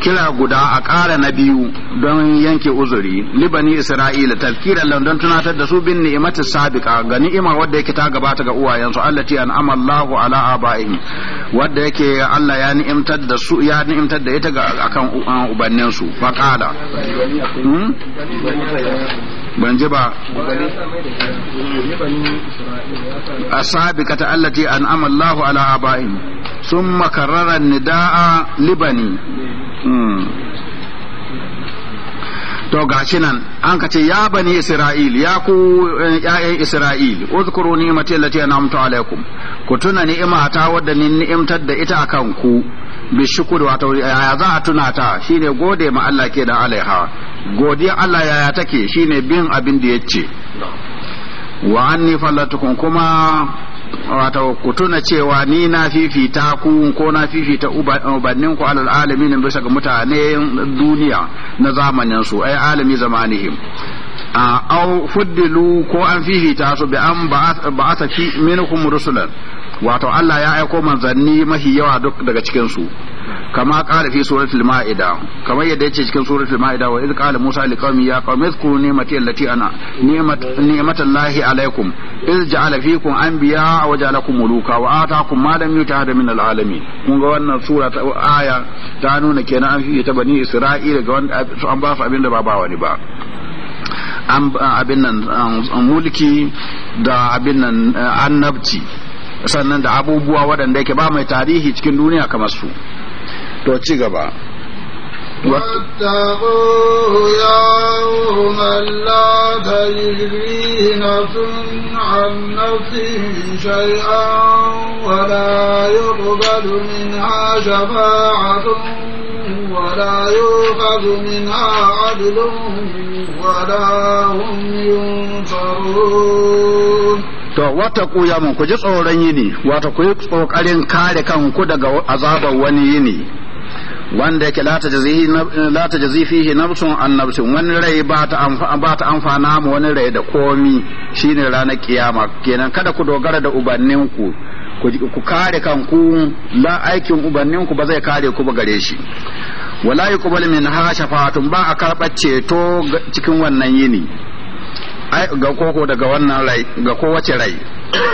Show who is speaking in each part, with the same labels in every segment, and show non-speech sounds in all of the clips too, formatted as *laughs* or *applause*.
Speaker 1: kira guda a ƙara na biyu don yanke uzuri libani isra'ila tafkira london tunatar da su bin ni'imatu sabiqa ga ni'ima wadda yake ta gabata ga uwayensu allati an amallahu ala abaihim wadda yake Allah ya ni'imtar da su ya ni'imtar da ita ga akan ubannin su fa qala hmm? ban ji ba a sabiqata allati an amallahu ala abaihim ثم كرر النداء لبني to gashi nan an ka ce ya bani isra'il ya ku ya'yan isra'il uzkuru ni'mati allati an'amtu alaikum ku tuna ni'ima ta wadda ni ni'imtar da ita akan ku bi shukuri wato yaya za a tuna ta shine gode ma Allah ke da alaiha godiya Allah yaya take shine bin abin da yace wa anni fallatukum kuma wato ku tuna cewa ni na fifita ku ko na fifita ubannin ku alal alamin bisa ga mutane duniya na zamanin su ai alami zamanihim a au fuddilu ko an fifita su bi an ba'atha fi minkum rusulan wato Allah ya aiko manzanni mahi yawa duk daga cikin su kama kare fi suratul maida kamar yadda yake cikin suratul maida wa iz qala musa liqaumi ya qaumi zkuru ni'mati allati ana ni'mat ni'matallahi alaikum iz ja'ala fikum anbiya wa ja'alakum muluka wa ataakum ma lam hada min al-alamin kun ga wannan sura ta aya ta nuna kenan an fiye ta bani isra'ila ga wanda an ba su abin da ba ba wani ba An abin nan mulki da abin nan annabci sannan da abubuwa waɗanda yake ba mai tarihi cikin duniya kamar su to ci gaba
Speaker 2: واتقوا يوما لا تجري نفس عن نفس شيئا ولا يقبل منها شفاعة ولا يؤخذ منها عدل ولا هم ينصرون to wata kuya
Speaker 1: mun ku ji tsoron yini wata ku yi kokarin kare kanku daga azabar wani yini wanda yake la ta jazi fihi nafsun an nafsin wani rai ba ta amfana mu wani rai da komi shine ranar kiyama kenan kada ku dogara da ubanninku ku kare kanku la aikin ubanninku ba zai kare ku ba gare shi wala yuqbal min ha shafatun ba a karɓar ceto cikin wannan yini ga koko daga wannan rai ga kowace rai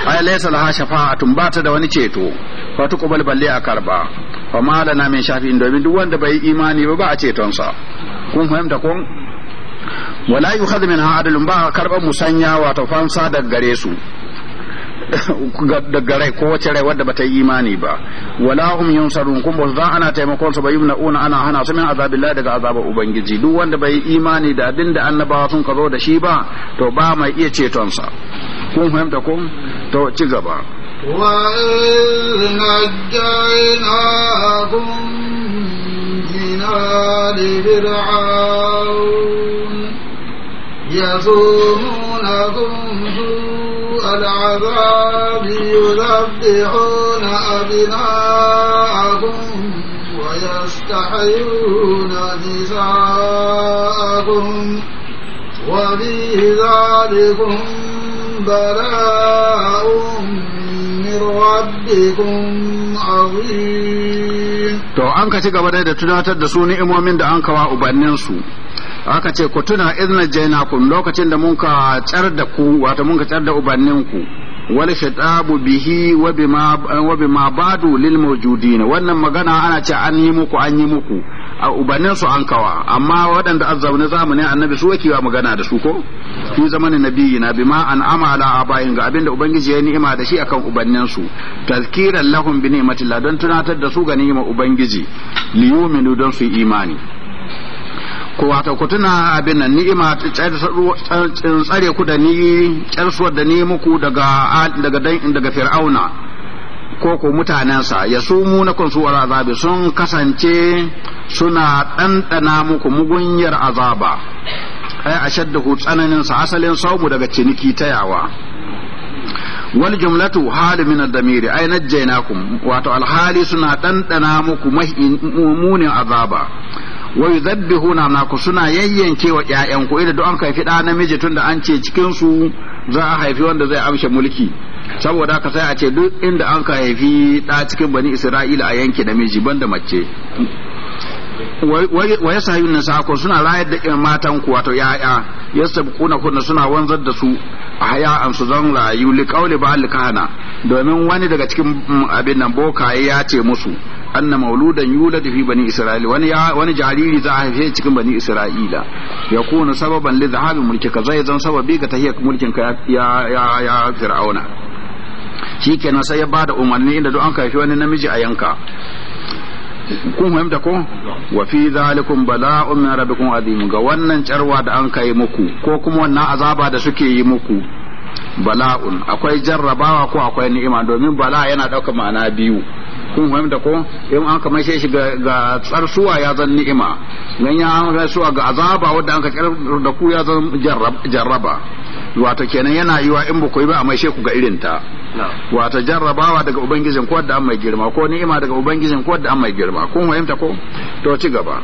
Speaker 1: ai laysa laha shafa'atun ba ta da wani ceto fa tuqbal balle a karba fa malana min shafi'in domin duk wanda bai imani ba ba a ceton sa kun fahimta kun wala yukhadhu minha adlun ba karban musanya wato fansa daga gare su daga rai ko wace rai wadda ta yi imani ba wala hum yunsarun kuma za ana taimakon su bayyana una ana hana su min azabillahi daga azabar ubangiji duk wanda bai imani da abin da annabawa sun kazo da shi ba to ba mai iya ceton sa kun fahimta ko to ci
Speaker 2: gaba wa نجيناكم من آل فرعون يصومونكم العذاب يذبحون أبناءهم ويستحيون نساءهم وفي ذلكم بلاء من ربكم عظيم to an
Speaker 1: ka ci gaba da tunatar da su ni'imomin da an kawa ubanninsu aka ce ku tuna izna lokacin da munka tsar da ku wato munka tsar da ubanninku wal shatabu bihi wa bima wa bima badu lil mawjudin wannan magana ana ce an yi muku an yi muku a ubannin su an kawa amma waɗanda azzauni zamani annabi su yake magana da su ko fi zamanin nabiyyi na bima an amala a abayin ga abinda ubangiji ya ni'ima da shi akan ubannin su tazkiran lahum bi ni'matillah don tunatar da su ga ni'imar ubangiji liyuminu don su imani ku wata ku tuna abin nan ni'ima tsare ku da ni kyarsuwar da ni muku daga daga dan daga fir'auna ko ko mutanensa ya su mu na kun suwar azabi sun kasance suna ɗanɗana muku mugunyar azaba ai a ku tsananin sa asalin saumu daga ciniki ta yawa wal jumlatu hali min ad-damiri ay najjaynakum wato alhali suna ɗanɗana muku munin azaba wa yuzabbihuna naku suna yayyanke wa ƴaƴan ku idan an haifi ɗa namiji tunda an ce cikin su za a haifi wanda zai amshe mulki saboda haka sai a ce duk inda an ka haifi ɗa cikin bani Isra'ila a yanke namiji banda mace wa ya sahi nisa ko suna rayar da matan ku wato ya'ya ya sabkuna kunna suna wanzar da su a an su zan rayu li qawli ba kahana domin wani daga cikin mm, abin nan bokaye ya ce musu anna mauludan yuladu fi bani isra'ila wani wani jariri za a haife cikin bani isra'ila ya kuna sababan li dhahabi ka zai zan sababi ga tahiyar mulkin ka ya ya ya fir'auna shikenan sai ya bada umarni inda duk an haifi wani namiji a yanka kun fahimta ko wa fi zalikum bala'un min rabbikum azim ga wannan carwa da an kai muku ko kuma wannan azaba da suke yi muku bala'un akwai jarrabawa ko akwai ni'ima domin bala yana ɗaukar ma'ana biyu kun fahimta ko in an kamar shi ga tsarsuwa ya zan ni'ima nan ya an rasuwa ga azaba wadda an ka tsar da ku ya zan jarraba wato kenan yana yiwa in ba ku yi ba amma maishe ku ga irin ta wato jarrabawa daga ubangijin ko da an mai girma ko ni'ima daga ubangijin ko da an mai girma kun fahimta ko to ci gaba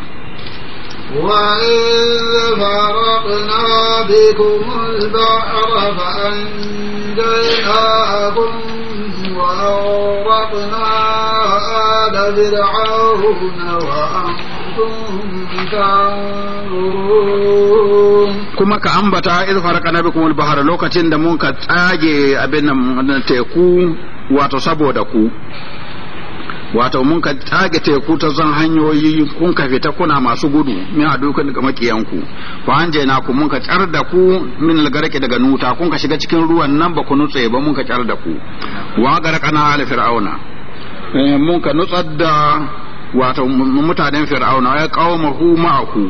Speaker 2: وإذ فرقنا بكم البحر فأنجيناكم وأورقنا آل فرعون وأنتم
Speaker 1: kuma ka ambata iz farqana bikum al-bahr lokacin da mun ka tsage abin nan teku wato saboda ku wato mun ka tage teku ta zan hanyoyi kun ka fita kuna masu gudu min a dukan ga makiyanku fa an jaina ku mun ka tsar da ku min algarake daga nuta kun ka shiga cikin ruwan nan ba ku nutse ba mun ka tsar da ku wa garqana ala fir'auna eh, mun ka nutsar da wato mutanen fir'auna ya kawo mahu ma'aku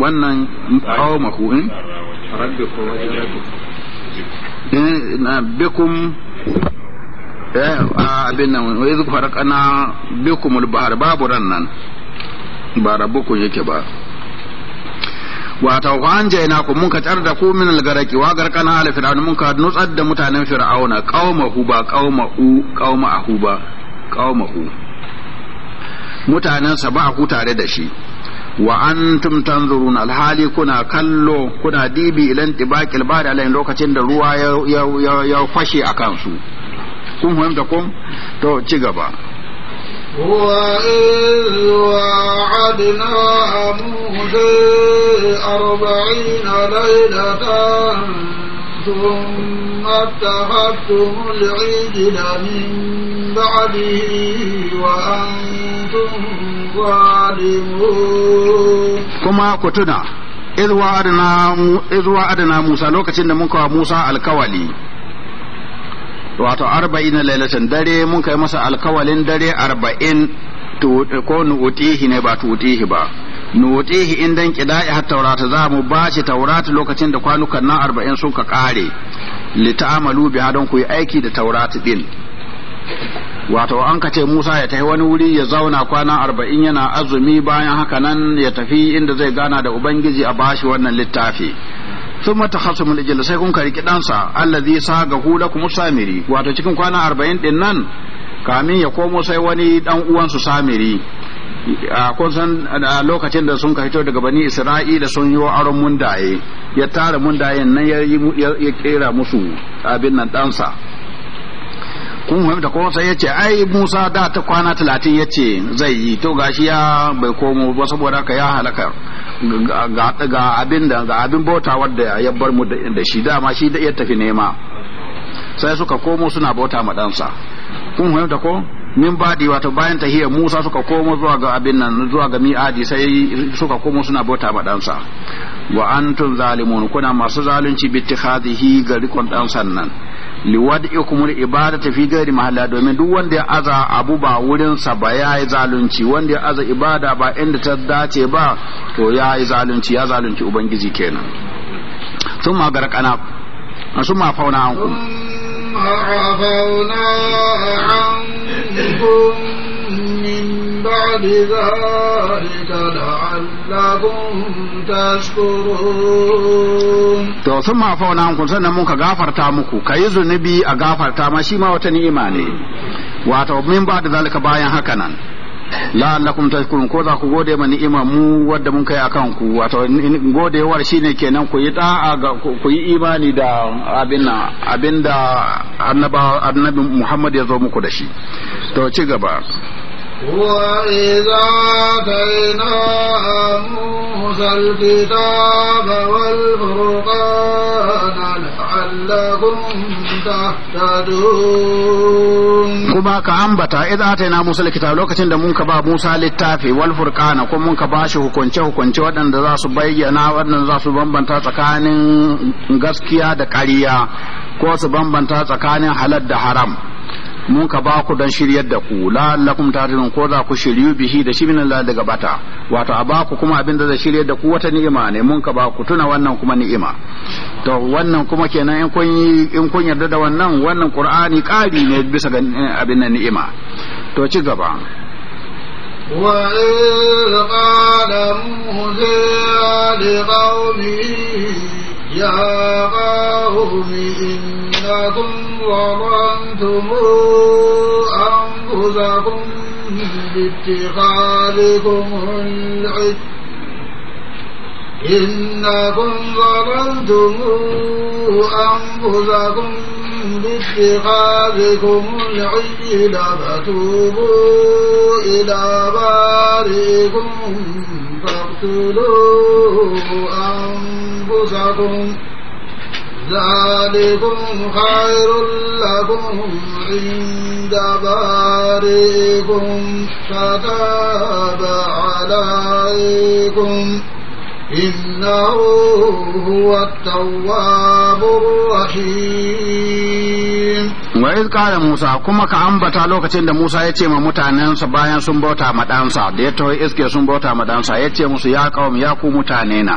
Speaker 1: wannan kawo mahu eh? in eh, bikum Eh, abin nan wai zuwa farakana bikumul bahar babu ran nan ba rabukun yake ba wata kwan jaina ku mun ka da ku min algaraki wa garkana ala fir'aun mun ka nutsar da mutanen fir'auna hu ba u qauma qaumahu ba hu mutanen sa ba ku tare da shi wa antum tanzurun alhali kuna kallo kuna dibi ilan tibaqil bari alain lokacin da ruwa ya ya ya fashe akan su kun fahimta kun to ci gaba
Speaker 2: وإذ وعدنا موسى أربعين ليلة ثم اتخذتم العجل من بعده وأنتم ظالمون
Speaker 1: كما كتنا إذ وعدنا موسى موسى الكوالي wato arba'in na lailatan dare mun kai masa alkawalin dare arba'in ko nu'utihi ne ba tu'utihi ba nu'utihi in dan kida'i har taurata za mu ba shi taurata lokacin da kwanukan nan arba'in sun ka kare li ta'amalu biha don ku yi aiki da taurata din wato an ka ce Musa ya tafi wani wuri ya zauna kwana arba'in yana azumi bayan haka nan ya tafi inda zai gana da Ubangiji a bashi wannan littafi thumma takhassamu lijil sai kun kariki dansa allazi saga kuma samiri wato cikin kwana arba'in din nan kamin ya komo sai wani dan uwansu samiri a san a lokacin da sun fito daga bani isra'ila sun yi aron mundaye ya tara mundayen nan ya kera musu abin nan dansa kun fahimta ko sai ya ce ai Musa da ta kwana talatin ya ce zai yi to gashi ya bai komo ba saboda ka ya halaka ga abin da ga abin bauta wadda ya bar mu da shi dama shi da ya tafi nema sai suka komo suna bauta ma ɗansa kun fahimta ko min badi wato bayan tahiyya Musa suka komo zuwa ga abin nan zuwa ga mi'adi sai suka komo suna bauta ma ɗansa wa antum zalimun kuna masu zalunci bi ittikhadhihi ga rikon ɗansan nan liwad'ikum ibada ta fi ghairi mahalla domin duk wanda ya aza abu ba wurin sa ba yayi zalunci wanda ya aza ibada ba inda ta dace ba to yayi zalunci ya zalunci ubangiji kenan thumma garqana thumma fauna ankum
Speaker 2: عفونا عنكم من بعد ذلك to
Speaker 1: sun ma fauna hankun sannan mun ka gafarta muku ka yi zunubi a gafarta ma shi ma wata ni'ima ne wato min ba da zalika bayan haka nan la'allakum tashkurun ko za ku gode ma ni'ima mu wadda mun kai akan ku wato godewar shine kenan ku yi da'a ga ku yi imani da abin nan abinda annabi Muhammad ya zo muku da shi to ci gaba
Speaker 2: وإذاتينا موسى الكتاب والفرقان لعلكم
Speaker 1: kuma ka ambata idan aka na Musa likitabi lokacin da mun ka ba Musa littafi wal furqana ko mun ka ba shi hukunce hukunce waɗanda za su bayyana waɗanda za su bambanta tsakanin gaskiya da ƙarya ko su bambanta tsakanin halal da haram mun ka ba ku don shiryar da ku la'allakum tahtadun ko za ku shiryu bihi da shi min Allah daga bata wato a ba ku kuma abin da zai shiryar da ku wata ni'ima ne mun ka ba ku tuna wannan kuma ni'ima to wannan kuma kenan in kun yi in kun yarda da wannan wannan Qur'ani qari ne bisa ga eh, abin nan ni'ima to ci gaba
Speaker 2: وإذ قال موسى لقومه يا قوم إنكم ظلمتم أنفسكم باتخاذكم العد إنكم ظلمتم أنفسكم باتخاذكم العجل فتوبوا إلى بارئكم فاقتلوا أنفسكم ذلكم خير لكم عند بارئكم فتاب عليكم إنه هو التواب الرحيم
Speaker 1: wa iz qala Musa kuma ka ambata lokacin da Musa ya ce ma mutanensa bayan sun bauta ma da ya tawo iske sun bauta ma dansa ya ce musu ya qaum ya ku mutane na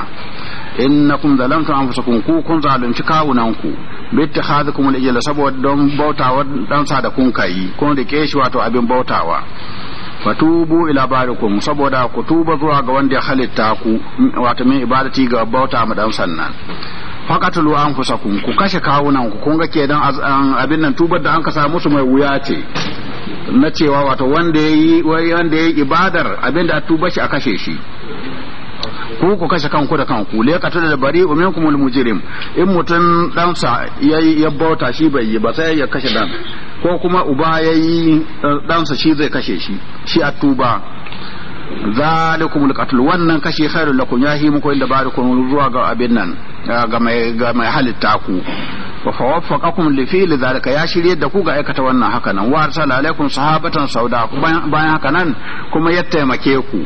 Speaker 1: innakum zalamtum anfusakum ku kun zalunci kawunanku bi ittikhadikum al-ijla saboda don bautawa dan sa da kun kai kun ke shi wato abin bautawa fatubu ila barikum saboda ku tuba zuwa ga wanda ya halitta ku wato min ibadati ga bauta mu dan sannan an anfusakum ku kashe kawunan ku kun ga dan abin nan tubar da an ka samu su mai wuya ce na cewa wato wanda yayi wanda yayi ibadar abin da tuba shi a kashe shi ku ku kashe kanku da kanku le ka da bari uminkumul mujrim in mutum ɗansa ya bauta shi bai yi ba sai ya kashe dan ko kuma uba ya yi eh, ɗansa shi zai kashe shi shi a tuba zalikumul qatl wannan kashe khairul lakum ya hi muku inda barikum zuwa ga abin nan ga mai ga mai halitta ku wa fawaffaqakum li fi'li zalika ya shirye da ku ga aikata wannan haka nan wa arsala alaikum sahabatan sauda bayan haka nan kuma ya taimake ku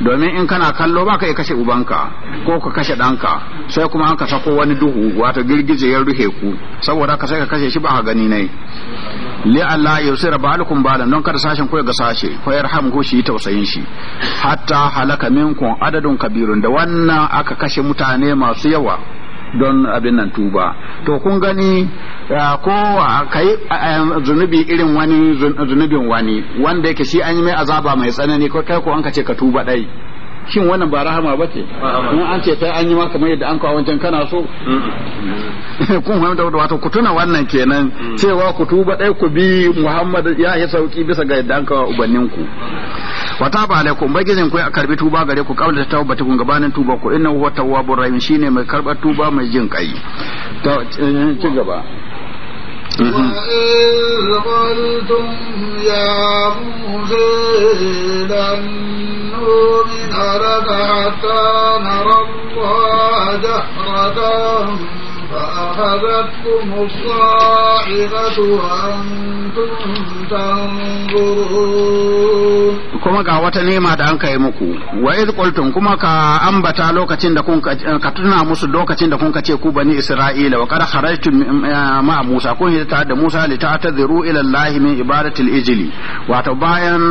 Speaker 1: domin in kana kallo ba ka kashe ubanka ko ka kashe ɗanka sai kuma an ka sako wani duhu wato girgije ya ruhe ku saboda ka sai ka kashe shi ba ka gani ne li Allah ya usira balukum balan don kada sashen ku ga sashe ko ko shi tausayin shi hatta halaka minkum adadun kabirun da wannan aka kashe mutane masu yawa don abin nan tuba to kun gani ko kai zunubi irin wani zunubin wani wanda yake shi an yi mai azaba mai tsanani ko kai ko an ka ce ka tuba dai shin wannan ba rahama ba ce in an ce sai an yi maka mai yadda an kawo wancan kana so kun fahimta da wato ku tuna wannan kenan mm. cewa ku tuba dai ku bi Muhammad ya yi sauki bisa ga yadda an kawo ubannin ku wata ba kun bagijin ku a karbi tuba gare ku da ta tabbata kun gabanin tuba ku innahu huwa tawwabur rahim shine mai karbar tuba mai jin kai eh, ci gaba
Speaker 2: وإذ قلتم يا موسى لن نؤمن لك حتى نرى الله جهرة فأخذتكم الصاعقة وأنتم تنظرون
Speaker 1: kuma ga wata nema da an kai muku wa iz qultum kuma ka ambata lokacin da kun ka tuna musu lokacin da kun ce ku bani isra'ila wa qad kharajtum eh, ma musa kun hita da musa li ta'tadhiru ila allahi min ibadati al-ijli wato bayan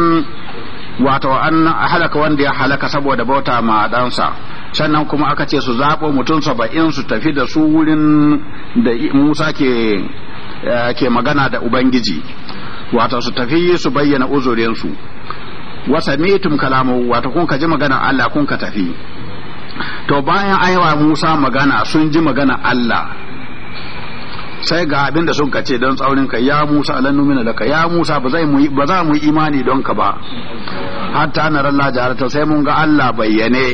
Speaker 1: wato an halaka wanda ya halaka saboda bauta ma ɗansa sannan kuma aka ce su zaɓo mutum saba'in su tafi da su wurin da musa ke eh, ke magana da ubangiji wato su tafi su bayyana uzurinsu wasa mitum kalamu wato kun ka ji magana allah kun ka tafi to bayan aiwa musa magana sun ji magana allah sai ga abin da sun kace don tsaurin ka ya Musa alan numina laka ya Musa ba mu ba za mu yi imani don ka ba hatta na ralla jaharata sai mun ga Allah bayyane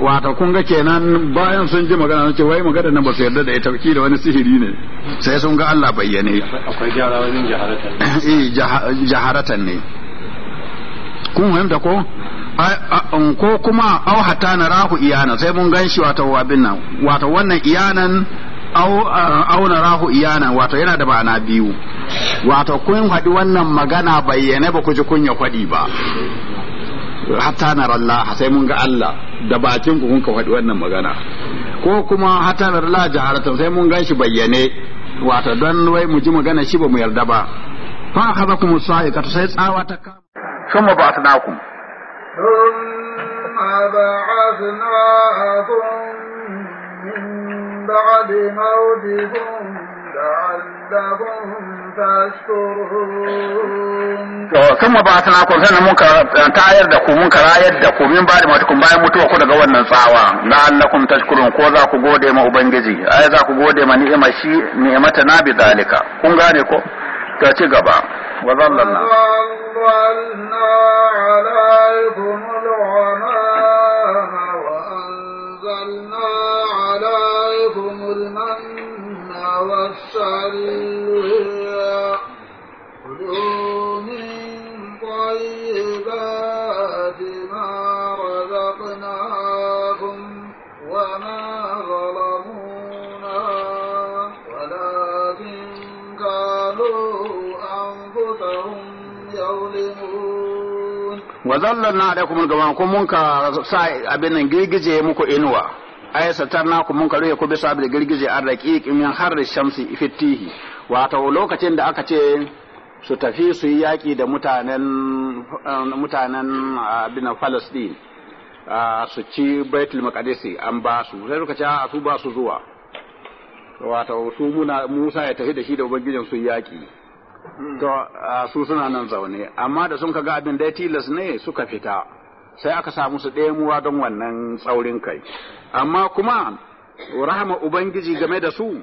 Speaker 1: wato kun ga kenan bayan sun ji magana ce wai magana nan ba su yarda da ita ki da wani sihiri ne sai sun ga Allah bayyane
Speaker 2: akwai gyara wajen jaharatan
Speaker 1: eh jaharatan ne kun fahimta ko Um, ko kuma au hatta na rahu iyana sai mun ganshi wato abin nan wato wannan iyanan au au na rahu iyana wato yana da bana biyu wato kun haɗi wannan magana bayyane ba ku ji kunya faɗi ba hatta na Allah sai mun ga Allah da bakin ku kun ka faɗi wannan magana ko kuma hatta na Allah jaharata sai mun ganshi bayyane wato don wai mu ji magana shi ba mu yarda ba fa akhadhakum sa'iqatu sai tsawa ta kama summa
Speaker 2: ba'athnakum ثم بعثناكم من بعد موتكم لعلكم To, sun mabatana ku mun
Speaker 1: ka tayar da ku ka rayar da ku min bada mutukun bayan mutuwa ku daga wannan tsawa na annakum tashkurun ko za ku gode ma ubangiji ai za ku gode ma ni'ima shi ni'imata na bi zalika kun gane ko to ci gaba wa جعلنا عليكم
Speaker 2: الغمام وأنزلنا عليكم المن والسلوى كلوا من طيبات ما رزقناكم وما
Speaker 1: wa na da kuma ghamam kuma mun ka sa abin nan girgije muku inuwa ay satarna kuma mun ka ruhe ku bisa da girgije an raqiq min harri shamsi Wa wato lokacin da aka ce su tafi su yi yaki da mutanen eh, mutanen eh, abin Palestine eh, su ci Baitul Maqdis an ba su sai suka ce a su ba su zuwa wato su muna Musa ya tafi da shi da ubangijin su yaki Hmm. to su suna nan zaune amma da sun ga abin da ya tilas ne suka fita sai aka samu su ɗemuwa don wannan tsaurin kai amma kuma rahama ubangiji game da su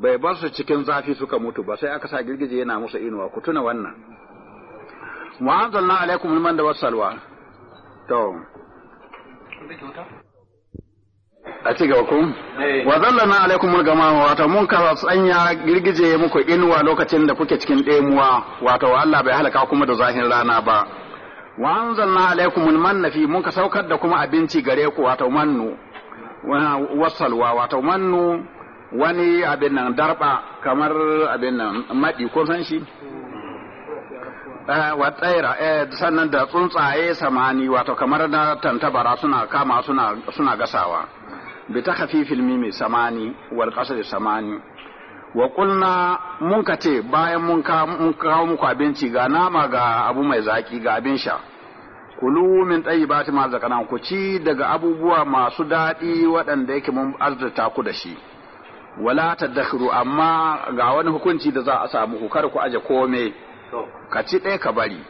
Speaker 1: bai bar su cikin zafi suka mutu ba sai aka sa girgije yana musu inuwa ku tuna wannan wa'azalna alaikum liman da wasalwa to a ci gaba kun
Speaker 2: eh. wa zallana alaikum
Speaker 1: gama wato mun ka tsanya girgije muku inuwa lokacin da kuke cikin ɗemuwa wato Allah bai halaka kuma da zahin rana ba wa anzalna alaikum na fi mun ka saukar da kuma abinci gare ku wato mannu wasalwa wato mannu wani abin nan darba kamar abin nan madi ko san shi eh, wa tsaira eh, sannan da tsuntsaye samani wato kamar na tantabara suna kama suna gasawa بتخفيف الميم سماني والقصر samani. wa kulna mun ka ce bayan mun kawo muku abinci ga nama ga abu mai zaƙi ga abin sha kulu min tayyibati ma zakana ku ci daga abubuwa masu daɗi waɗanda yake mun arzuta ku da shi wala tadakhru amma ga wani hukunci da za a samu ku kar ku aje komai ka ci ɗaya ka bari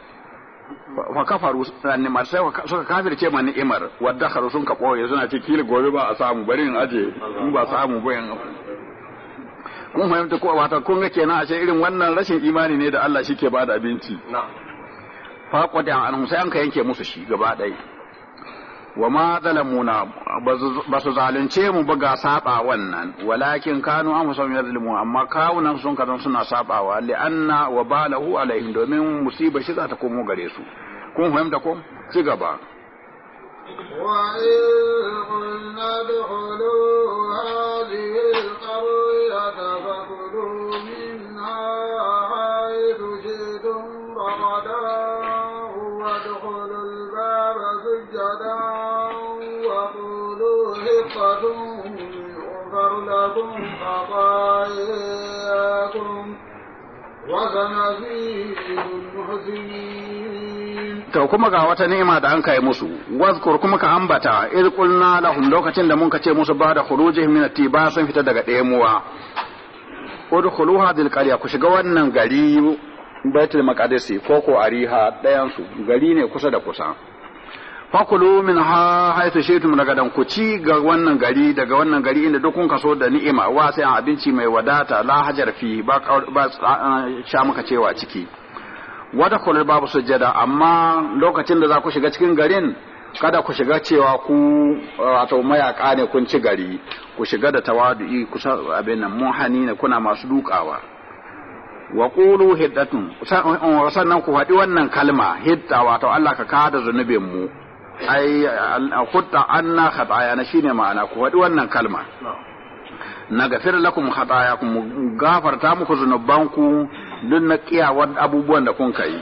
Speaker 1: fa kafaru ni'mar sai suka ce ma ni'imar wadda kharu sun ka boye suna ce kila gobe ba a samu bari in aje in ba samu ba yan kun fahimta ko wata kun ga kenan a ce irin wannan rashin imani ne da Allah shi ke bada abinci fa qad an sai an yanke musu shi gaba ɗaya wa ma zalamuna ba su zalunce mu ba ga saba wannan walakin kanu an ya zalimu amma kawunan sun kazan suna sabawa li anna wa balahu alaihim domin musiba shi za ta komo gare su kun fahimta ko ci gaba
Speaker 2: وادخلوا الباب سجدا خطاياكم
Speaker 1: kuma ga wata ni'ima da an kai musu wazkur kuma ka ambata iz kulna lahum lokacin da mun ka ce musu ba da khurujihim min atiba sun fita daga ɗayamuwa udkhulu hadhihi al-qarya ku shiga wannan gari baitul maqdis ko ko ariha ɗayan su gari ne kusa da kusa fakulu min ha haitu daga dan ku ci ga wannan gari daga wannan gari inda duk kun kaso da ni'ima wa sai abinci mai wadata la hajar fi ba sha muka cewa ciki wada kullu babu sujada amma lokacin da za ku shiga cikin garin kada ku shiga cewa ku wato mayaka ne kun ci gari ku shiga da tawadu'i ku sa abin nan munhani ne kuna masu dukawa wa qulu hiddatun sannan ku faɗi wannan kalma hidda wato Allah ka kada zunubin mu ai hutta anna na shine ma'ana ku faɗi wannan kalma na gafir lakum ku gafarta muku ku duk na kiyawar abubuwan da kun kai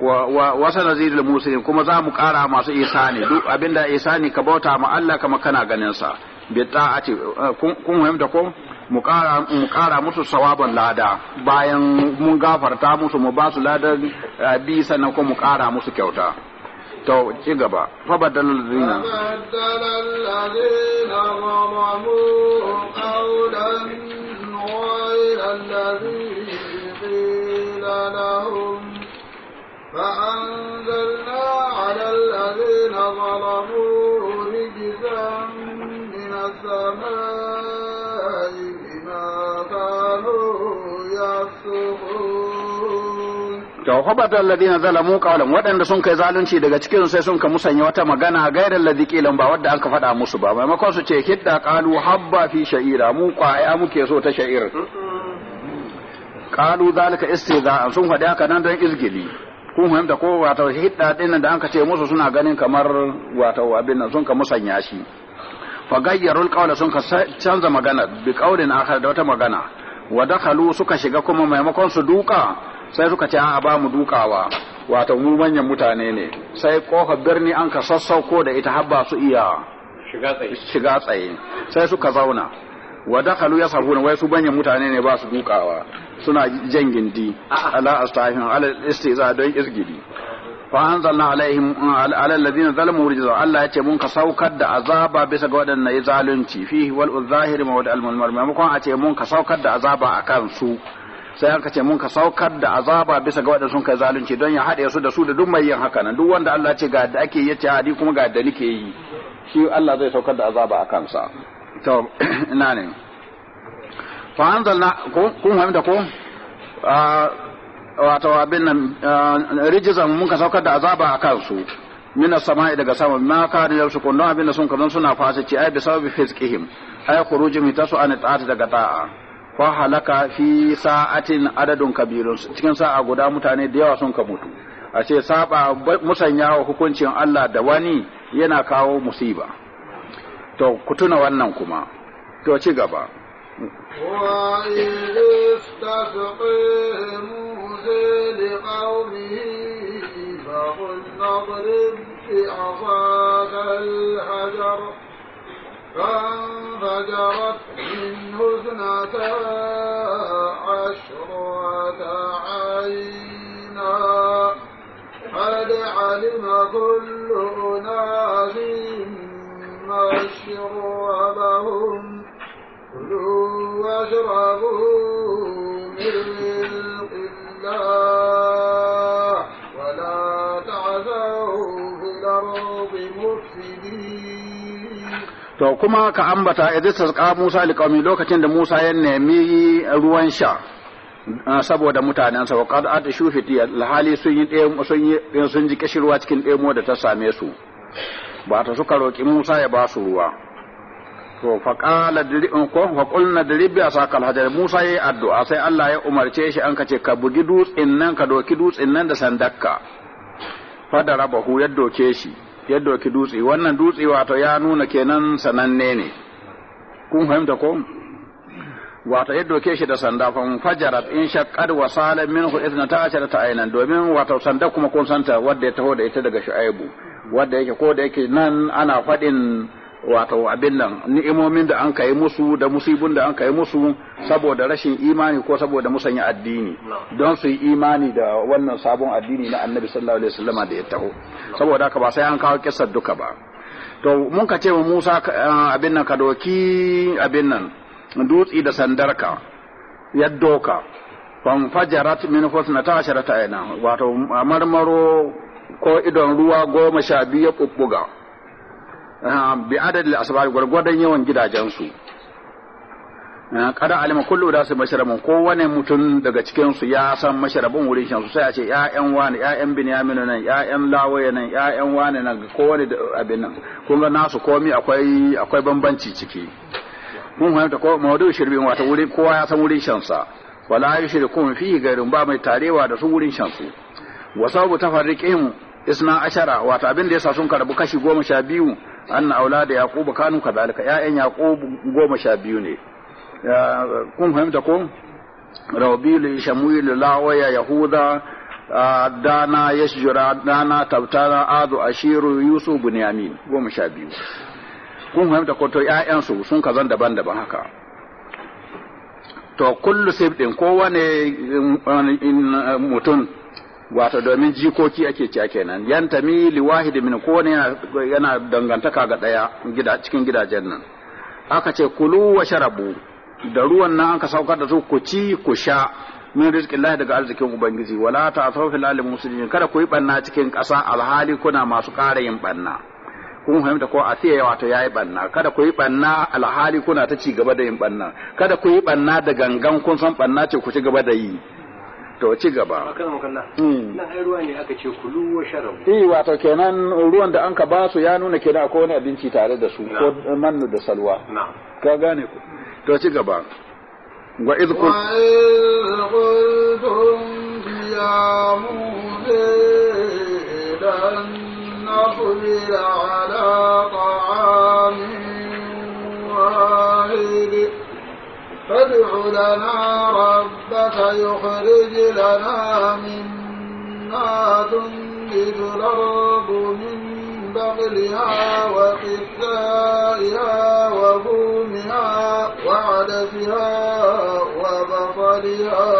Speaker 1: wasa nazirul musulmin kuma za mu kara masu isani duk abinda isani ka bauta ma Allah kama kana ganin sa bi ta'ati eh, kun fahimta ko mu kara mu kara musu sawaban lada bayan mun gafarta musu mu ba su lada eh, bi sannan ko mu kara musu kyauta to ci gaba fa badal ladina
Speaker 2: badal ladina zalamu qawlan ghayra alladhi qila lahum فأنزلنا على الذين ظلموا رجزا من السماء بما كانوا يفسقون
Speaker 1: to habata alladhina zalamu qawlan waɗanda sun kai zalunci daga cikin sai sun ka musanya wata magana gairar ladhi qilan ba wadda an ka faɗa musu ba maimakon su ce hidda qalu habba fi sha'ira mu qaya muke so ta sha'ir qalu zalika istiza'an sun faɗi haka nan don izgili kun fahimta ko wato hidda dinnan da an ka ce musu suna ganin kamar wato abin nan sun ka musanya shi fa gayyarul qawla sun ka canza magana bi qawlin akhar da wata magana wa dakhalu suka shiga kuma maimakon su duka sai suka ce an ba mu dukawa wato mu manyan mutane ne sai kofar birni an ka sassauko da ita habba su iya shiga tsaye sai suka zauna wa dakhalu yasabuna wai su banyan mutane ne ba su dukawa suna jan gindi ala astahin ala istiza don isgidi fa anzalna alaihim ala alladhina zalamu rijza Allah yace mun ka saukar da azaba bisa ga wadannan zalunci fihi wal zahir wa al marmi a ce mun ka saukar da azaba akan su sai aka ce mun ka saukar da azaba bisa ga waɗanda sun kai zalunci don ya haɗe su da su da duk mai yin haka nan duk wanda Allah ce ga da ake yace hadi kuma ga da nake yi shi Allah zai saukar da azaba a kansa to *clears throat* ina ne fa anzalna kun hamda ko wato abin nan rijizan mun ka saukar da azaba a kansu mina sama'i daga sama ma da yau su kun don abin da sun kazan suna fasici ai bi fiskihim fizqihim ai khurujihim tasu an ta'ata daga ta'a fa halaka fi sa'atin adadun kabirun cikin sa'a guda mutane da yawa sun ka mutu a ce saba musanya wa hukuncin Allah da wani yana kawo musiba to ku tuna wannan kuma to ci gaba
Speaker 2: فقل فانفجرت منه اثنتان
Speaker 1: to kuma ka ambata idza ka Musa liqaumi lokacin da Musa ya nemi ruwan sha saboda mutanensa wa qad atashu fi alhali sun yi sun yi sun ji kishirwa cikin demo da ta same su ba ta suka roki Musa ya ba su ruwa to fa qala dir'in ko fa qulna dirbi asakal hajar Musa yayi addu'a sai Allah ya umarce shi an kace ka bugi dutsin nan ka doki dutsin nan da sandakka fa da rabahu ya doke shi yadda doki dutse wannan dutse wato ya nuna kenan sananne ne kun fahimta ko wato yadda wake shi da sanda fa fajarat in shaqqad wa salam minhu ithnata ta aynan domin wato sanda kuma kun santa wanda ya taho da ita daga shu'aibu wanda yake ko da yake nan ana fadin wato abin nan ni'imomin da an kai musu da musibin da an kai musu saboda rashin imani ko saboda musanya addini don su yi imani da wannan sabon addini na annabi sallallahu alaihi wasallama da ya taho saboda haka ba sai an kawo kissar duka ba to mun ka ce wa Musa eh, abin nan ka doki abin nan dutsi da sandarka ya doka fajarat min husnata asharata aina wato marmaro ko idon ruwa goma sha biyu ya bi adadil asbab gwargwadon yawan gidajensu kada alima kullu da su masharabin kowane mutum daga cikin su ya san masharabin wurin shansu sai a ce ya'yan wani ƴaƴan binyaminu nan ya'yan lawaye nan ya'yan wani nan kowane da abin nan kun ga nasu komi akwai akwai bambanci ciki mun fahimta ko mawdu shirbin wata wurin kowa ya san wurin shan sa wala yushrikum fi gairun ba mai tarewa da su wurin shan su wa sabu isna ashara wata abin da yasa sun karbu kashi goma sha biyu An na anna aulad yaqub kanu kadhalika ya'yan yaqub goma sha biyu ne kun fahimta ko rabilu shamuil lawaya yahuda dana yashjura dana tabtana adu ashiru yusuf bunyamin goma sha biyu kun fahimta ko to ƴaƴansu sun kazan daban-daban haka to kullu sif din kowane mutum wato domin jikoki ake cewa kenan yantami li wahidi min ko yana yana dangantaka ga daya gida cikin gidajen nan aka ce kulu wa sharabu da ruwan nan aka saukar da su ku ci ku sha min rizqi Allah daga arzikin ubangiji wala ta'thaw fil alim muslimin kada ku yi banna cikin ƙasa alhali kuna masu ƙara yin banna kun fahimta ko asiya wato yayi banna kada ku yi banna alhali kuna ta ci gaba da yin banna kada ku yi banna da gangan kun san banna ce ku ci gaba da yi to ci gaba
Speaker 2: akan makalla hmm. nan ai ruwa ne aka ce kulu wa sharabu
Speaker 1: eh wato kenan ruwan da anka ba su ya nuna kenan akwai wani abinci tare da su ko mannu da salwa ka gane ku to ci gaba wa idh
Speaker 2: qultum ya mu'min lan فادع لنا ربك يخرج لنا مما تنبت الأرض من بغلها وقثائها وفومها وعدسها وبصلها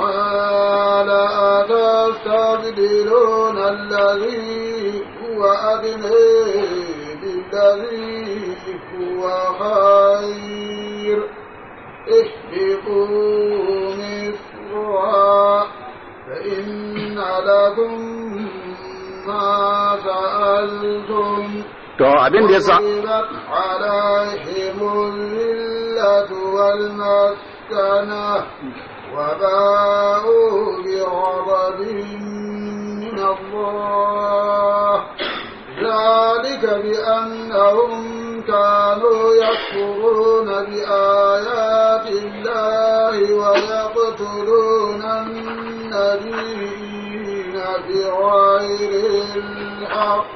Speaker 2: قال أتستبدلون الذي هو أدنى بالذي هو خير اهبطوا مصرا فإن لكم ما سألتم to عليهم da والمسكنة وباءوا بغضب من الله ذلك بأنهم كانوا يكفرون بآيات الله ويقتلون النبيين بغير الحق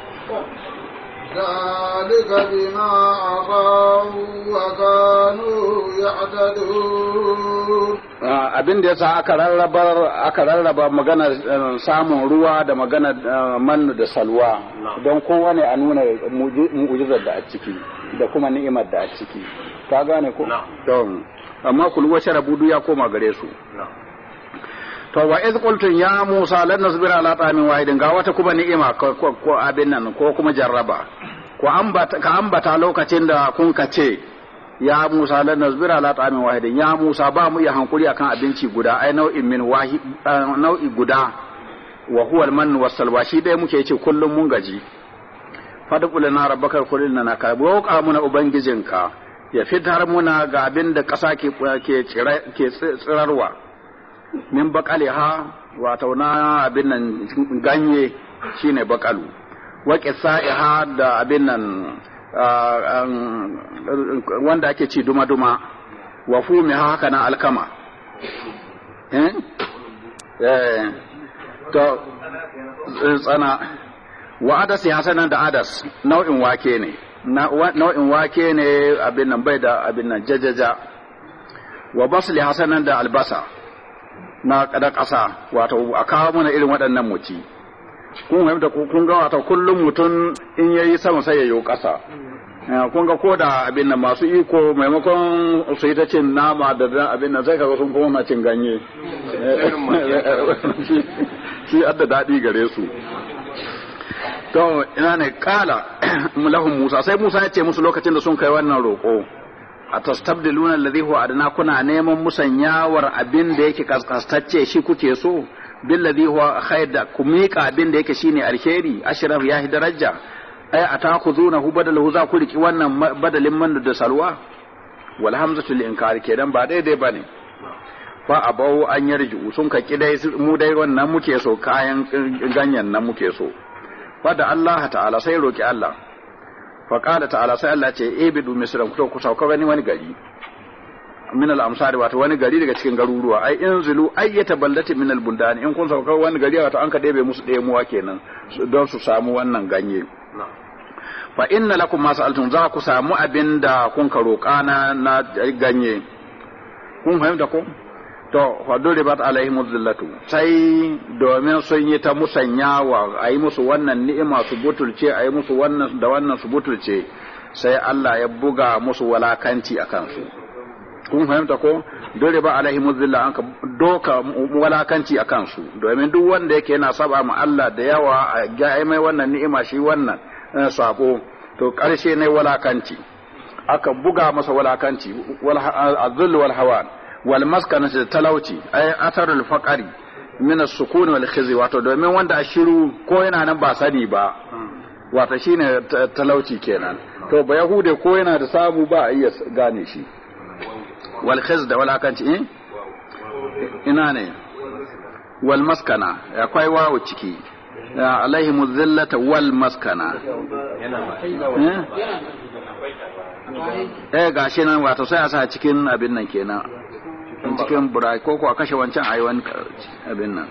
Speaker 2: ذلك بما عصوا وكانوا يعتدون
Speaker 1: abin da yasa aka rarraba aka rarraba magana samun ruwa da magana mannu da salwa don ne a nuna mu'jizar da a ciki da kuma ni'imar da a ciki ka gane ko to amma kulwa sharabu ya koma gare su to wa iz qultum ya musa lan nasbira ala ta'amin wahidin ga wata kuma ni'ima ko abin nan ko kuma jarraba ko ambata ka ambata lokacin da kun ka ce ya musa lan nasbira ala ta'amin wahidin ya musa ba mu iya hankuri akan abinci guda ai nau'in min wahid nau'i guda wa huwa al-mann was salwa shi dai muke ce kullum mun gaji fadqul na rabbaka kullun na ka roƙa muna ubangijinka ya fitar muna ga abin da ƙasa ke tsirarwa min ha wato na abin nan ganye shine waƙe wa ha da abin nan wanda ake ci duma duma wa fumi haka na alkama eh eh to tsana wa adasi hasanan da adas nau'in wake ne nau'in wake ne abin nan bai da abin nan jajaja wa basli hasanan da albasa na kada ƙasa wato a kawo mana irin waɗannan muci kun fahimta kun ga wato kullum mutum in yayi sama sai ya yi ƙasa mm. eh, kun ga ko da abin nan masu iko maimakon su yi ta cin nama da da abin nan sai ka sun kuma na cin ganye *laughs* shi adda daɗi gare su to ina ne kala *clears throat* lahun musa sai musa ya ce musu lokacin da sun kai wannan roƙo a tastabdiluna alladhi huwa adna kuna neman musanyawar abin da yake kaskastacce shi kuke so billadhi huwa khair da ku miƙa abin da yake shine alheri ashraf yahi daraja ay hu badalahu za ku riki wannan badalin man da salwa wal hamzatu lil inkar kenan ba daidai bane fa abau an yarji sun ka kidai mu dai wannan muke so kayan ganyen nan muke so fa Allah ta'ala sai roki Allah fa qala ta'ala sai Allah ce e bidu misran ku ku sauka gani wani gari min al amsar wato wani gari daga cikin garuruwa ai in zulu ayyata ta min al buldan in kun sauka wani gari wato an ka debe musu ɗaya muwa kenan don su samu wannan ganye fa inna lakum ma sa'altum za ku samu abinda kun ka roƙa na ganye kun fahimta ko to faduribat alaihim zillatu sai domin sun yi ta musanyawa a yi musu wannan ni'ima su butulce a yi musu wannan da wannan su butulce sai Allah ya buga musu walakanci a kansu kun fahimta ko dole ba alaihi muzilla an ka doka walakanci a kansu domin duk wanda yake yana saba ma Allah da yawa ga ai mai wannan ni'ima shi wannan sako to karshe ne walakanci aka buga masa walakanci azul wal hawan wal maskanati da talauci ay atarul faqari min as-sukun wal khizi wato domin wanda a shiru ko yana nan ba sani ba wato shine talauci kenan to ba yahude ko yana da samu ba a iya gane shi wal khiz da wala walakanci eh ina ne wal maskana akwai wawo ciki alaihi zillata wal maskana eh? eh gashi nan wato sai a sa cikin abin nan kenan cikin burai ko a kashe wancan a yi wani abin nan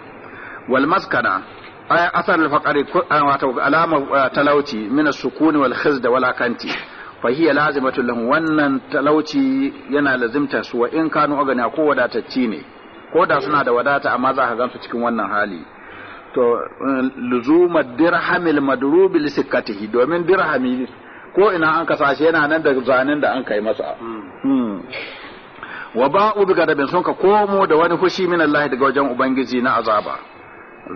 Speaker 1: wal maskana ay asar al-faqari wato alama uh, talauci min sukuni wal khizd wal akanti fa hiya lazimatu lahum wannan talauci yana lazimta su wa in kanu agana ko wadatacci ne ko da suna da wadata amma za ka gansu cikin wannan hali to uh, luzuma dirhamil madrub li domin dirhami ko ina an kasashe yana nan da zanen da an kai masa hmm. Hmm. wa ba'u bi gadabin sun ka komo da wani fushi min Allah daga wajen ubangiji na azaba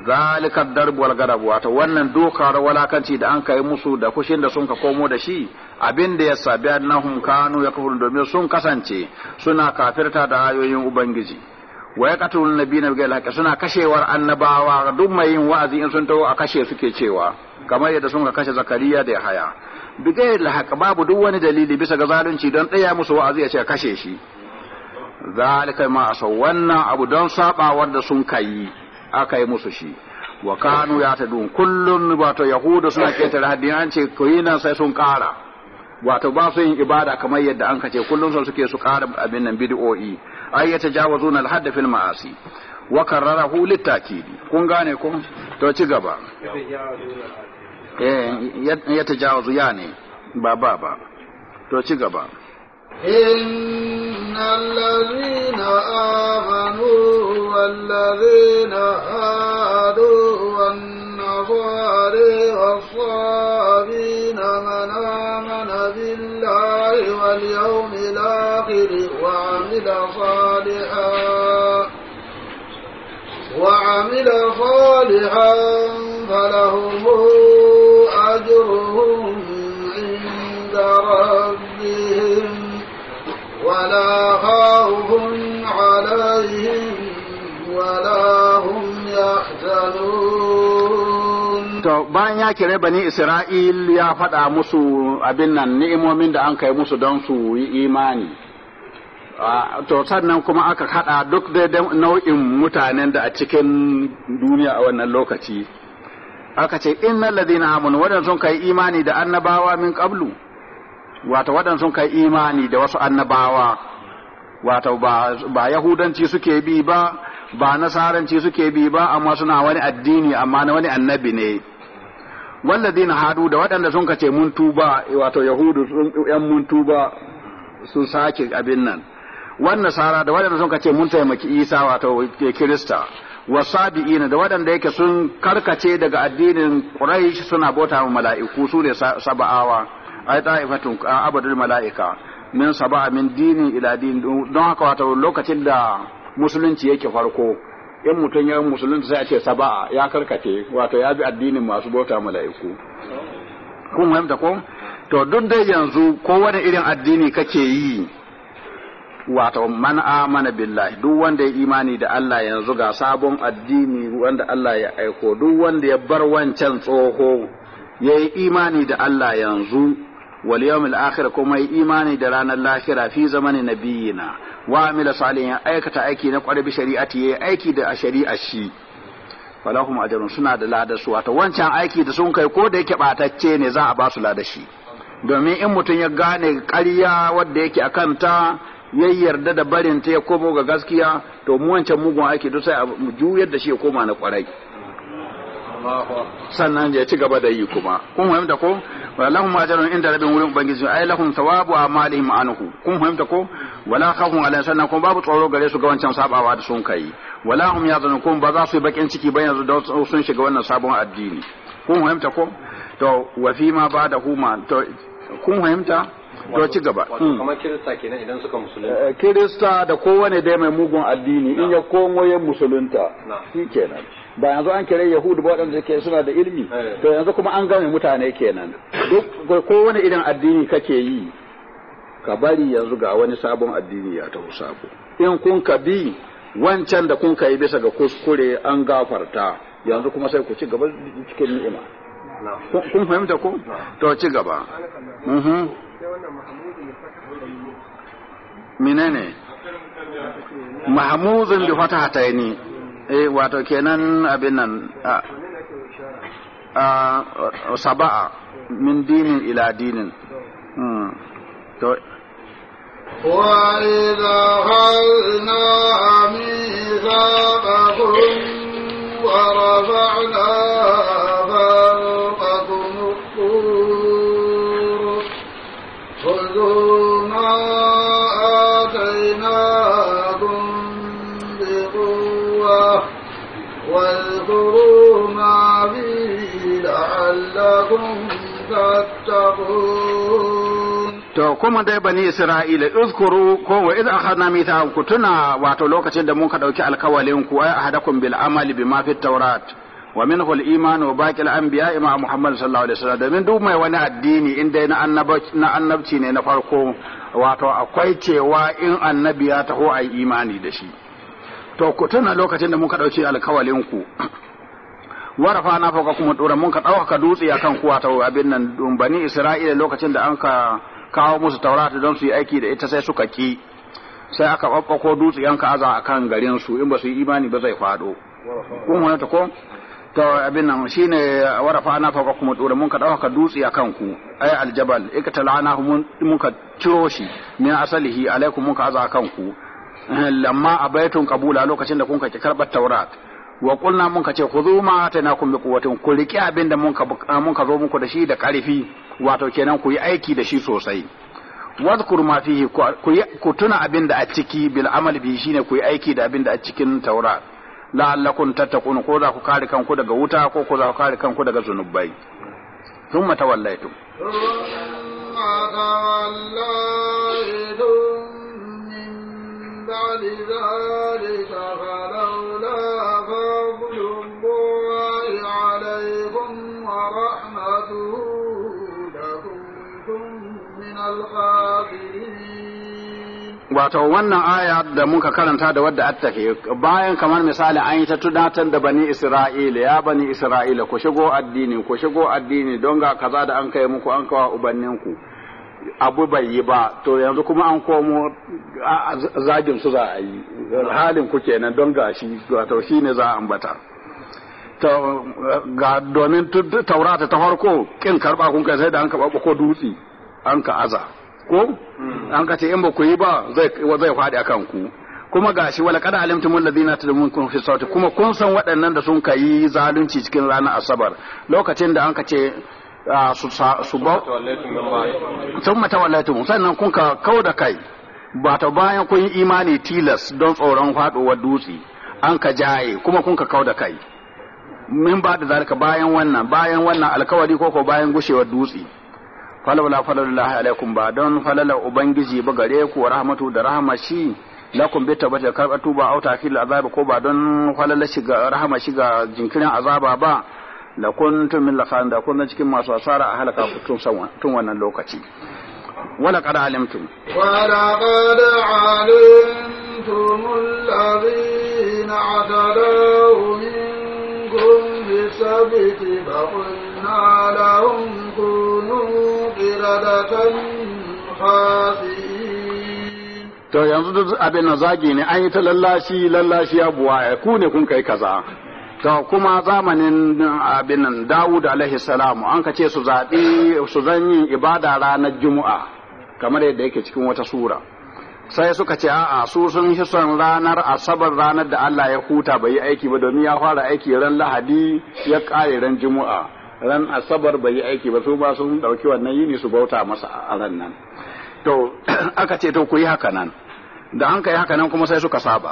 Speaker 1: zalika darbu wal gadabu wato wannan doka da walakanci da an kai musu da fushin da sun ka komo da shi abin da ya sabi annahum kanu yakfurun domin sun kasance suna kafirta da ayoyin ubangiji wa nabi na bi ghairi suna kashewar annabawa duk mai yin wa'azi in sun tawo a kashe suke cewa kamar yadda sun ka kashe zakariya da yahaya bi ghairi babu duk wani dalili bisa ga zalunci don tsaya musu wa'azi ya ce kashe shi zalika ma asaw wannan abu don saba wanda sun kai aka yi musu shi wa kanu ya ta dun kullun wato yahudu suna keta haddin an ce nan sai sun kara wato ba su yin ibada kamar yadda an kace kullun sun suke su kara abin nan bid'o'i ay yatajawazuna al-hadd fil ma'asi wa karrarahu litakidi kun gane ko to ci gaba eh yatajawazu ya ne ba ba ba to ci gaba
Speaker 2: إن الذين آمنوا والذين هادوا والنصارى والصابين من آمن بالله واليوم الآخر وعمل صالحا وعمل صالحا فلهم خوف عليهم ولا هم يحزنون
Speaker 1: to bayan ya kire bani Isra'il ya faɗa musu abin nan ni'imomin da an kai musu don su yi imani to sannan kuma aka haɗa duk da nau'in mutanen da a cikin duniya a wannan lokaci aka ce innal ladina amanu wadanda sun kai imani da annabawa min qablu wata waɗansu sun kai imani da wasu annabawa wato ba yahudanci suke bi ba ba nasaranci suke bi ba amma suna wani addini amma na wani annabi ne walladin hadu da waɗanda sun kace mun tuba wato yahudu yan mun tuba sun sake abin nan wannan sara da waɗanda sun kace mun taimaki isa wato kirista wasabi'ina da waɗanda yake sun karkace daga addinin quraish suna bota mala'iku su ne saba'awa ai ta'ifatun abadul mala'ika min saba'a min dini ila dini don haka wato lokacin da musulunci yake farko in mutum ya musulunci sai a ce saba ya karkace wato ya bi addinin masu bauta mala'iku kun fahimta ko to duk dai yanzu wani irin addini kake yi wato man amana billahi duk wanda ya imani da Allah yanzu ga sabon addini wanda Allah ya aiko duk wanda ya bar wancan tsoho yayi imani da Allah yanzu wal yawmil akhir kuma yi imani da ranar lahira fi zamani nabiyina wa amila ya aikata aiki na ƙwarbi shari'ati yayi aiki da a shari'a shi falahum ajrun suna da ladar su wato wancan aiki da sun kai ko da yake batacce ne za a ba su ladar shi domin in mutum ya gane ƙarya wadda yake a ta ya yarda da barin ta ya komo ga gaskiya to mu wancan mugun aiki duk sai a juyar da shi ya koma na ƙwarai sannan ya ci gaba da yi kuma kun fahimta ko lahum ajrun inda rabbin wurin ubangiji ai lahum thawabu amalihim anhu kun fahimta ko wala khawfun ala sannan kun babu tsoro gare su ga wancan sabawa da sun kai wala hum yazunun kun ba za su yi bakin ciki ba yanzu da sun shiga wannan sabon addini kun fahimta ko to wa fi ma ba da huma to kun fahimta
Speaker 2: to ci gaba hmm. kamar
Speaker 1: kirista kenan idan suka musulunta eh, eh, kirista da kowane dai mai mugun addini in ya komo musulunta shi kenan ba yanzu an kira yahudu ba waɗanda ke suna da ilimi eh. to yanzu kuma an game mutane kenan duk kowane irin addini kake yi ka bari yanzu ga wani sabon addini ya taho sabo in kun ka bi wancan da kun kai bisa ga kuskure an gafarta yanzu kuma sai ku ci gaba cikin ni'ima kun fahimta ko to ci gaba menene
Speaker 2: mahmuzun bi fataha ta ne
Speaker 1: eh wato kenan abin nan a saba'a min dinin ila dinin hmm. to
Speaker 2: وإذا خلنا ميثاقكم ورفعنا فوقكم
Speaker 1: to kuma dai bani isra'ila uzkuru ko wa idh ta mithaqakum tuna wato lokacin da muka ɗauki alkawalin ku ay ahadakum bil amali bima mafi tawrat wa minhu al iman wa baqi al anbiya ima muhammad sallallahu alaihi wasallam domin duk mai wani addini dai na annabci na annabci ne na farko wato akwai cewa in annabi ya taho ai imani da shi to kutuna tuna lokacin da muka ɗauki alkawalin ku warafa na fauka kuma dora mun ka ɗaukaka dutse akan kuwa ta abin nan dun bani isra'ila lokacin da an ka kawo musu taurata don su yi aiki da ita sai suka ki sai aka ko dutse an ka aza akan garin su in ba su yi imani ba zai faɗo kun wani ta ko ta abin nan shine warafa na fauka kuma dora mun ka ɗaukaka dutse akan ku ay aljabal iktalana mun ka ciro shi min asalihi alaikum mun ka aza akan ku lamma abaitun kabula lokacin da kun ka karɓar taurata wa kulna mun kace zo ma atainakum bi ku riki abin da mun ka zo muku da shi da karfi wato kenan ku yi aiki da shi sosai wadhkur ma fihi ku tuna abin da a ciki bil amal bi shine ku yi aiki da abin da a cikin taura la'allakum tattaqun ko za ku kare kanku daga wuta ko ku za ku kare kanku daga zunubai thumma mata
Speaker 2: توليتم من ورحمته لكنتم
Speaker 1: wato wannan aya da muka karanta da wadda take bayan kamar misali an yi ta tunatar da bani isra'ila ya bani isra'ila ku shigo addini ku shigo addini don ga kaza da an kai muku an kawa ubanninku abu bai yi ba to yanzu kuma an komo zagin su za a yi halin ku kenan don ga shi wato ne za a ambata ga domin taurata ta farko kin karba kun kai sai da an ka ko dutse an ka aza ko
Speaker 2: hmm.
Speaker 1: an ka ce in ba ku yi ba zai zai fadi akan ku kuma gashi wala kada alimtum alladhina kun fi sawti kuma kun san waɗannan da sun kai zalunci cikin ranar asabar lokacin da an ka ce su ba sun matawallaitum sannan kun ka kau da kai ba ta bayan kun yi imani tilas don tsoron faɗowar dutse an ka jaye kuma kun ka kau da kai min ba da zalika bayan wannan bayan wannan alkawari ko bayan gushewar dutse falawla falawla alaikum ba don falala ubangiji ba gare ku wa rahmatu da rahmashi lakum bi tabata karbatu ba auta fil azab ko ba don falala shiga rahama shiga jinkirin azaba ba la kuntum min lakan da kun cikin masu asara a halaka tun tun wannan lokaci wala qad alimtum
Speaker 2: la qad alimtum alladhina adalaw min to
Speaker 1: yanzu duk abin na zagi ne an yi ta lallashi lallashi abuwa eh, ku ne kun kai kaza to kuma zamanin eh, abin nan Dawud alaihi salamu an kace su zaɓi su zan yin ibada ranar Juma'a kamar yadda yake cikin wata sura sai suka ce a'a su sun fi son ranar asabar ranar da Allah ya huta bai yi aiki ba domin ya fara aiki ran lahadi ya kare ran jumu'a ran asabar bai yi aiki ba su ba sun dauki wannan yini su bauta masa a ran nan to *clears throat* aka ce to ku yi haka nan da an kai haka nan kuma sai suka saba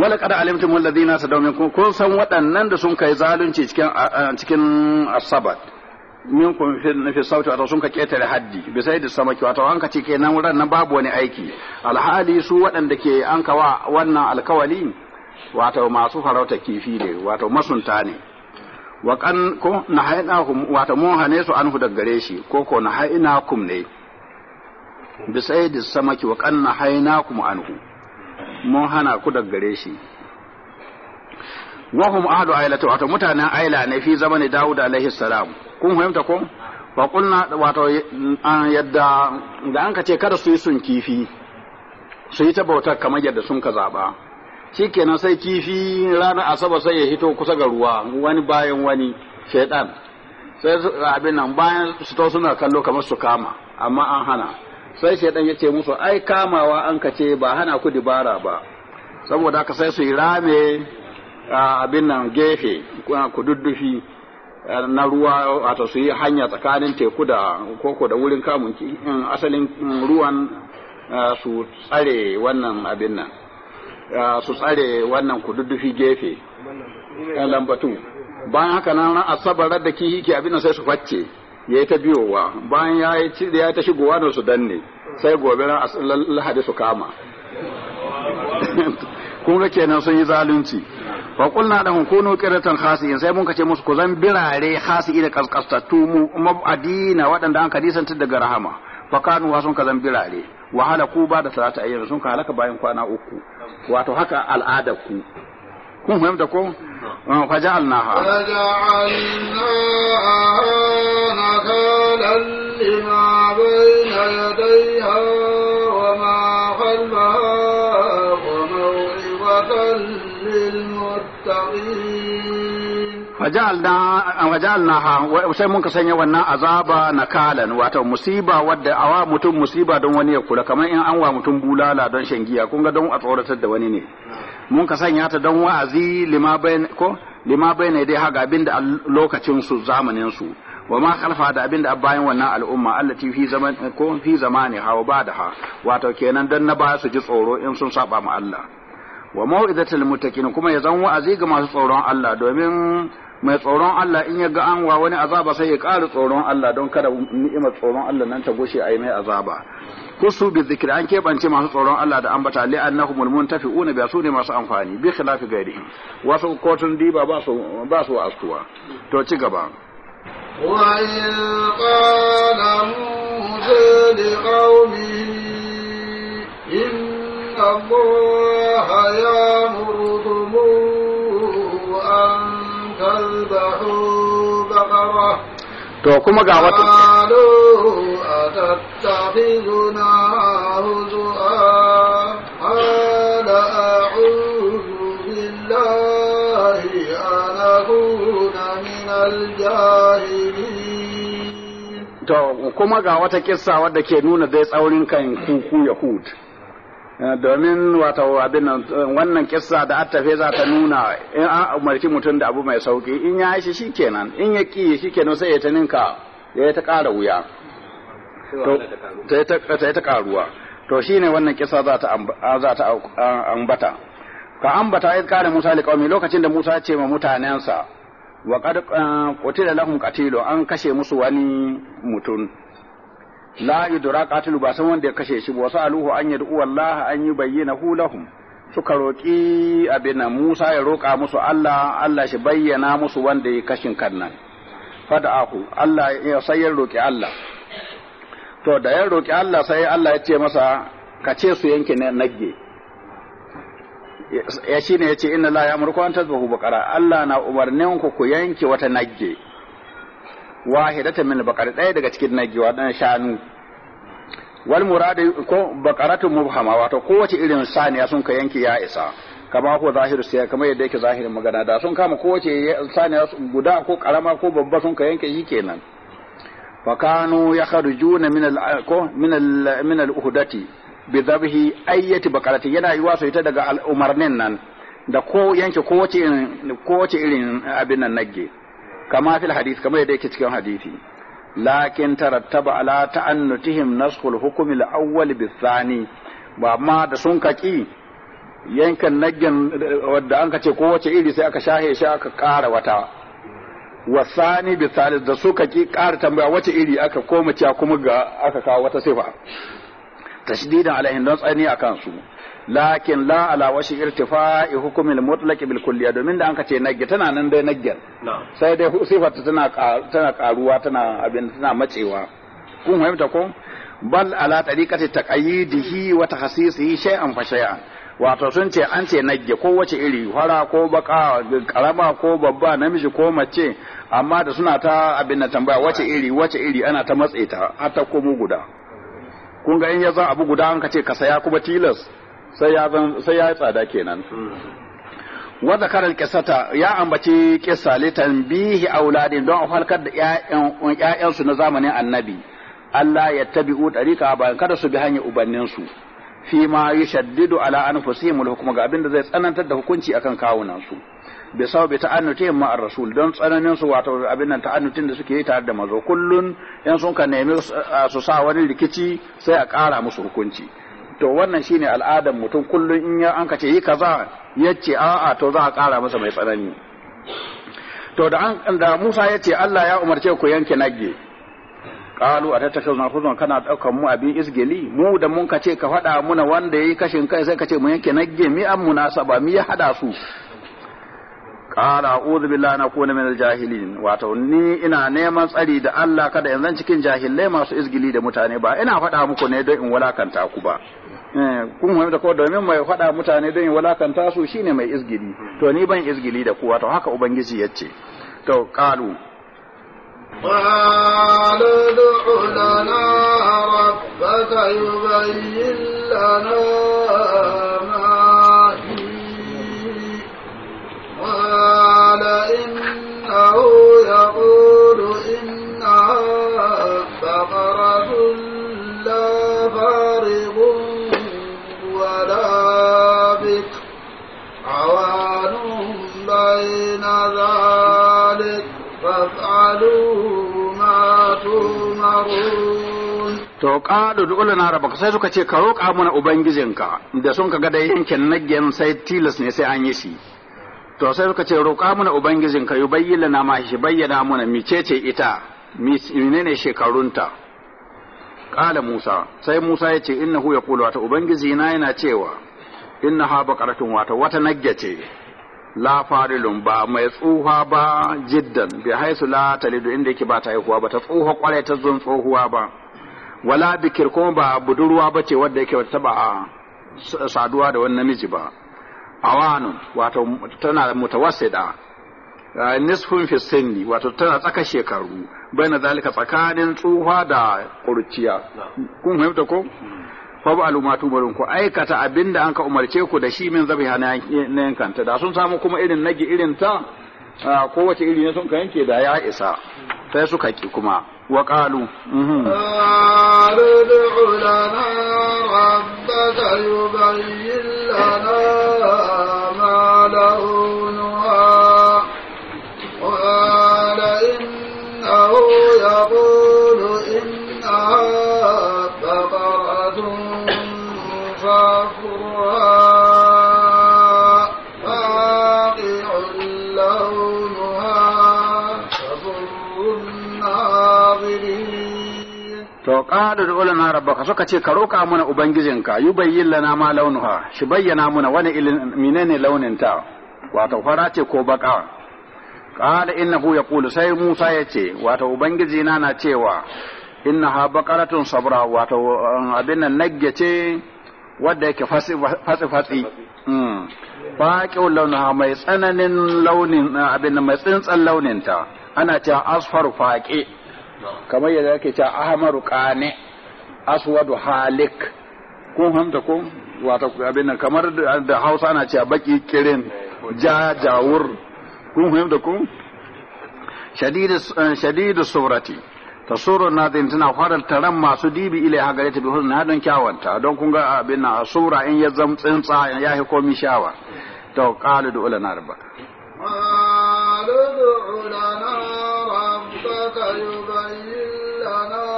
Speaker 1: wala kada alimtum alladhina sadaw minkum kun san waɗannan da sun kai zalunci cikin cikin asabar minkum fi sauti wato sun ka ketare haddi bi sai da samaki wato an ka ce kenan ran nan babu wani aiki alhali su waɗanda ke an kawa wannan alkawali wato masu farauta kifi ne wato masunta ne wa kan ko na hainahum wato mun hane su anhu daga gare shi ko ko na haina kum ne bi sai da samaki wa kan na an anhu mun hana ku da gare shi wahum ahadu ailatu wato mutanen aila ne fi zamanin dawud alaihi salam kun fahimta ko wa kunna wato yadda da an ka ce kada su yi sun kifi su yi ta bauta kamar yadda sun ka zaba shikenan sai kifi ranar asabar sai ya hito kusa ga ruwa wani bayan wani shaidan sai abin nan bayan su to suna kallo kamar su kama amma an hana sai shaidan ya ce musu ai kamawa an ka ce ba hana ku dibara ba saboda haka sai su yi rame abin nan gefe ku Eh, na ruwa wato su yi hanya tsakanin teku da koko da wurin kamun asalin ruwan eh, su tsare wannan abin nan eh, su tsare wannan kududdufi gefe lambatu bayan haka nan asabar da ki ke abin sai su facce ya yi ta biyowa bayan ya yi ta shigowa da su danne sai gobe ran lahadi su kama *laughs* kun ga kenan sun yi zalunci fa da lahum kunu qiratan khasiyin sai mun kace musu ku zan birare khasi da kaskastatu mu mabadina waɗanda an kadisantar daga rahama fa kanu wa sun kazan birare wa halaku ba da salata ayyin sun ka halaka bayan kwana uku wato haka al'ada ku kun fahimta ko ah, fa ja'alnaha fa
Speaker 2: ja'alnaha nakalan lima bayna yadayha wa ma khalfaha
Speaker 1: wajalna sai mun ka sanya wannan azaba na kalan wato musiba wadda awa mutum musiba don wani ya kula kamar in an wa mutum bulala don shan giya kun ga don a tsoratar da wani ne mun ka sanya ta don wa'azi lima bai ko lima dai haga abinda lokacin su zamanin su wa ma kalfa da abinda a bayan wannan al'umma allati fi zaman ko fi zamani hawa ba da ha wato kenan dan na ba su ji tsoro in sun saba ma Allah wa mau'izatul muttaqin kuma ya zan wa'azi ga masu tsoron Allah domin mai tsoron Allah in ya ga an wa wani azaba sai ya ƙara tsoron Allah don kada ni'imar tsoron Allah nan ta gushe a yi mai azaba kusu bi zikri an keɓance masu tsoron Allah da ambata li annahum muntafi'una bi ne masu amfani bi khilafi ghairihi wasu kotun diba ba su ba su astuwa to ci gaba
Speaker 2: وإن قال موسى لقومه إن الله يأمر to kuma ga wata
Speaker 1: To kuma ga wata kissa wadda ke nuna zai tsaurin kan kuku ya Yahud. Eh, domin wata abin wannan kissa da attafe za ta nuna in eh, a umarci mutum da abu mai sauki in ya shi shi kenan in ya ki shi kenan sai ya ta ninka ya ta ƙara wuya ta ta ƙaruwa to shi ne wannan kissa za ta ambata ka ambata ya ƙara musa liƙaumi lokacin da musa ce ma mutanensa wa qad eh, qutila lahum qatilu an kashe musu wani mutum la yudra qatilu ba san wanda ya kashe shi ba aluhu an yad'u wallahi an yubayyana lahum suka roƙi abin nan Musa ya roƙa musu Allah Allah shi bayyana musu wanda ya kashe kan nan fada'ahu Allah ya sai ya roƙi Allah to da ya roƙi Allah sai Allah ya ce masa ka ce su yanke na nagge ya shine ya ce inna la ya'muru an tazbahu baqara Allah na umarnin ku ku yanke wata nagge wahidatan min baqar ɗaya daga cikin nagiwa dan shanu wal muradi ko baqaratu mubhama wato kowace irin saniya sun ka yanki ya isa kama ko zahiru sai kama yadda yake zahirin magana da sun kama kowace saniya guda ko karama ko babba sun ka yanke shi kenan fa kanu yakhrujuna min al ko min al min al uhdati bi dhabhi ayyati baqarati yana yiwa su ita daga al umarnin nan da ko yanke kowace irin kowace irin abin nan nagge kama fil kama kamar yadda yake cikin hadisi lakin tarattaba ala ta'annutihim naskhul hukm al-awwal bis-sani ba ma da sun kaki yankan nagin wadda an kace kowace iri sai aka shahe shi aka ƙara wata wasani bisalis da suka ki ƙara tambaya wace iri aka koma cewa kuma ga aka kawo wata sifa tashdidan alaihin don tsani akan su lakin la ala washi irtifa'i hukumin mutlaki bil kulliya domin da ka ce nagge tana nan dai naggen sai dai sifarta tana karuwa tana abin tana macewa kun fahimta ko bal ala tariqati taqayyidihi wa tahsisihi shay'an fa shay'an wato sun ce an ce nagge ko wace iri fara ko baka karama ko babba namiji ko mace amma da suna ta abin na tambaya wace iri wace iri ana ta matse ta har ta komo guda kun ga in ya za abu guda an ka ce ka saya kuma tilas sai ya tsada kenan wa zakara kisata ya ambaci kissa li tanbihi auladin don a farkar da ƴaƴan su na zamanin annabi Allah ya tabi'u dariqa ba kada su bi hanyar ubannin su fi ma yashaddidu ala anfusihim al-hukm ga abinda zai tsanantar da hukunci akan kawunan su bi sababi ta'annutihim ma'ar rasul don tsananin su wato abin nan ta'annutin da suke yi tare da mazo kullun yan sun ka nemi su sa wani rikici sai a kara musu hukunci to wannan shine al'adan mutum kullum in ya an ce yi kaza yace a'a to za a ƙara masa mai tsanani to da an da Musa ya ce Allah ya umarce ku yanke nagge qalu atattakhizuna khuzwan kana daukan mu abin isgeli mu da mun kace ka faɗa muna wanda yayi kashin kai sai ka kace mu yanke nagge mi an munasaba mi ya hada su qala a'udhu billahi an akuna min al-jahilin wato ni ina neman tsari da Allah kada yanzu cikin jahilai masu isgili da mutane ba ina faɗa muku ne don in walakanta ku ba Eh, kun da ko domin mai faɗa mutane don walakanta su shine mai izgili to ni ban izgili da kowa to haka ubangiji ya ce to qalu to da na raba sai suka ce ka roƙa mana ubangijinka da sun ga da yankin nagyen sai tilas ne sai an yi shi to sai suka ce roƙa mana ubangijinka yi na ma shi bayyana mana micece ita menene shekarunta kala musa sai musa ya ce inna huya yaqulu wata ubangiji na yana cewa inna ha baqaratun wata wata ce la farilun ba mai tsuha ba jiddan bi haisu la talidu inda yake ba ta haihuwa ba ta tsuha kwarai ta zon tsohuwa ba wala bikir kuma ba budurwa ba ce wadda yake wata ba a saduwa da wani namiji ba wani wato tana mutawasai da. Ah, nisfin fisini wato tana tsaka shekaru baina zalika tsakanin tsuha da kurciya kun fahimta ko fa ba alumatu barun ku aikata abinda an ka umarce ku da shi min zabi na yankanta da sun samu kuma irin nagi irin ta kowace iri ne sun ka yanke da ya isa sai suka ki kuma
Speaker 2: wa qalu qalu lana rabbaka yubayyin lana to qalu da
Speaker 1: ulama rabbaka suka ce ka roka mana ubangijinka yubayyin lana ma launuha shi bayyana muna wani ilin menene launin ta wato fara ce ko baka qala innahu yaqulu sai musa yace wato ubangiji na na cewa innaha baqaratun sabra wato um, abin nan nagge ce wanda yake fatsi fatsi hmm. baƙin launuha mai tsananin launin abin mai tsintsan ta ana cewa asfar faƙe kamar yadda ake cewa ahmaru qani aswadu halik kun hamta kun wata abin nan kamar da Hausa na cewa baki kirin ja jawur kun hamta kun eh, shadidu surati ta na nadin tana fara taran masu dibi ya hagare ta bihun na don kyawanta don kun ga abin na sura in ya zam tsintsa ya yi komi shawa to qalu da ulana rabba
Speaker 2: قال ادع لنا ربك يبين لنا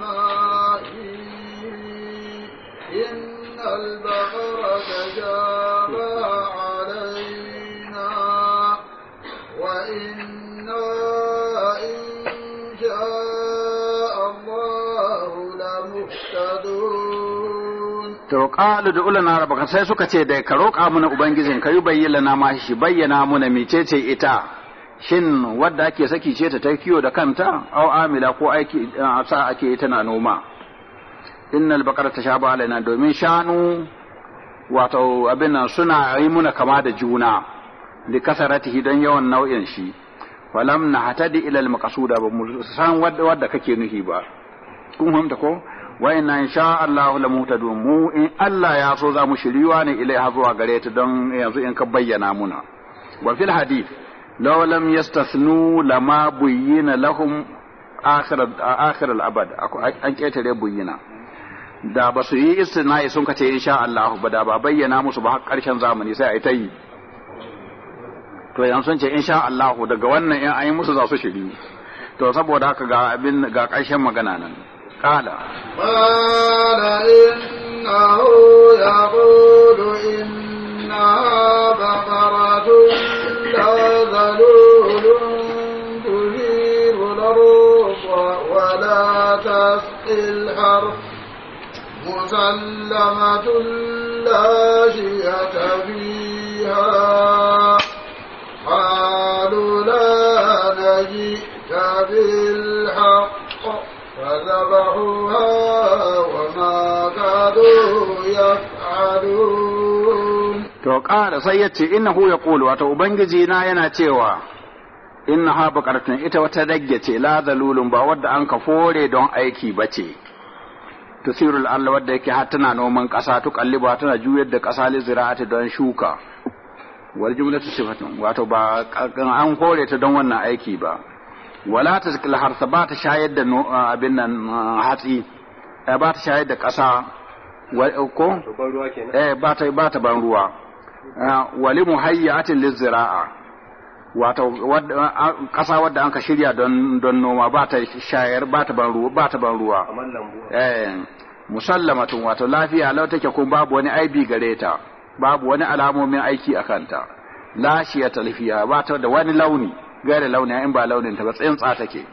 Speaker 2: ما فيه إن البقر كجار
Speaker 1: to qalu da ulana rabbaka sai suka ce da ka roƙa mana ubangijin ka yi bayyana ma shi bayyana mana mecece ita shin wadda ake saki ce ta ta kiyo da kanta au amila ko aiki sa ake tana noma innal baqara tashaba alaina domin shanu wato abin nan suna yi muna kama da juna li kasarati don yawan nau'in shi walam na hatadi ilal maqsuda ba mu san wadda kake nuhi ba kun fahimta ko wainna inna insha Allahu la mutadun mu in Allah ya so za mu shiriwa ne ilaiha zuwa gare ta don yanzu in ka bayyana muna wa fil hadith law lam yastathnu lama buyyina lahum akhir akhir al abad an ketare buyyina da ba su yi istina'i sun kace insha Allah ba da ba bayyana musu ba har karshen zamani sai ai ta yi to yanzu sun ce insha Allah daga wannan in an yi musu za su shiri to saboda haka ga abin ga karshen magana nan قال
Speaker 2: قال إنه يقول إنها بقرة لا ذلول تجيب الأرض ولا تسقي الحرث مسلمة لا شية فيها ذبحوها وما كادوا يفعلون
Speaker 1: to ƙara sai ya ce innahu ya ƙulu wata ubangiji na yana cewa inna ha buƙarfin ita wata dagge ce la zalulun ba wadda an ka fore don aiki ba ce tusirul Allah wadda yake har tana noman ƙasa tuƙalliba tana juyar da ƙasa li zira'ati don shuka wal jumlatu sifatun wato ba an kore ta don wannan aiki ba wala ta zikil harsa ba ta shayar da abin nan hatsi ba ta shayar da ƙasa ko eh ba ta ba ta ban ruwa wali muhayyatin lizira'a wato ƙasa wadda an ka shirya don don noma ba ta shayar ba ta ban ruwa ba ta ban ruwa eh musallamatun wato lafiya lau take kun babu wani aibi gare ta babu wani alamomin aiki a kanta la talfiya ba ta da wani launi gaira launi in ba launin ta ba tsintsa take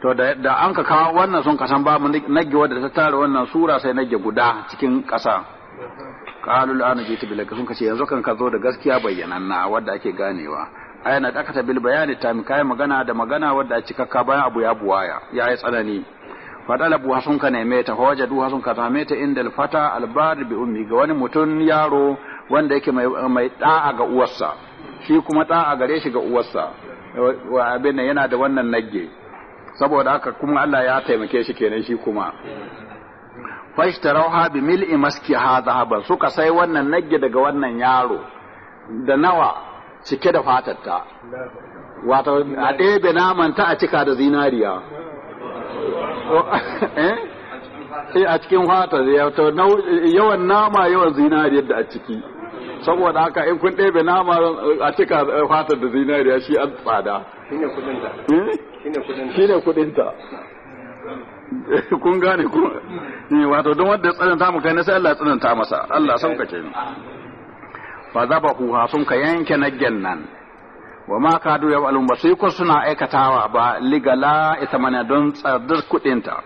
Speaker 1: to da an ka kawo wannan sun kasan ba babu nage wadda ta tara wannan sura sai nage guda cikin ƙasa qalu an jitu bil sun kace yanzu kan ka zo da gaskiya na wadda ake ganewa aya da aka bil bayani ta mi kai magana da magana wadda a cikakka bayan abu ya buwaya ya yi tsanani fadalabu hasun ka neme ta fawajadu sun ka same ta inda alfata albar bi ummi ga wani mutum yaro wanda yake mai da'a ga uwarsa shi kuma ɗa a gare shi ga uwarsa wa abin yana da wannan nagge saboda haka kuma Allah ya taimake shi kenan shi kuma fashtarauha bi mil'i maski zahaban suka sai wannan nagge daga wannan yaro da nawa cike da fatatta wato a ɗebe namanta a cika da zinariya *laughs* eh a cikin fatar yawan nama yawan zinariyar da a ciki saboda haka in kun ɗebe nama a cika eh, fatar da zinariya shi an tsada shi ne kudinta kun gane ku eh, wato don wanda ya tsananta mu kai na sai Allah ya tsananta masa Allah sauƙaƙe ni fa kuwa sun ka yanke naggen nan wa ma kadu ya alun ba sai ko suna aikatawa ba ligala ita mana don tsardar kudinta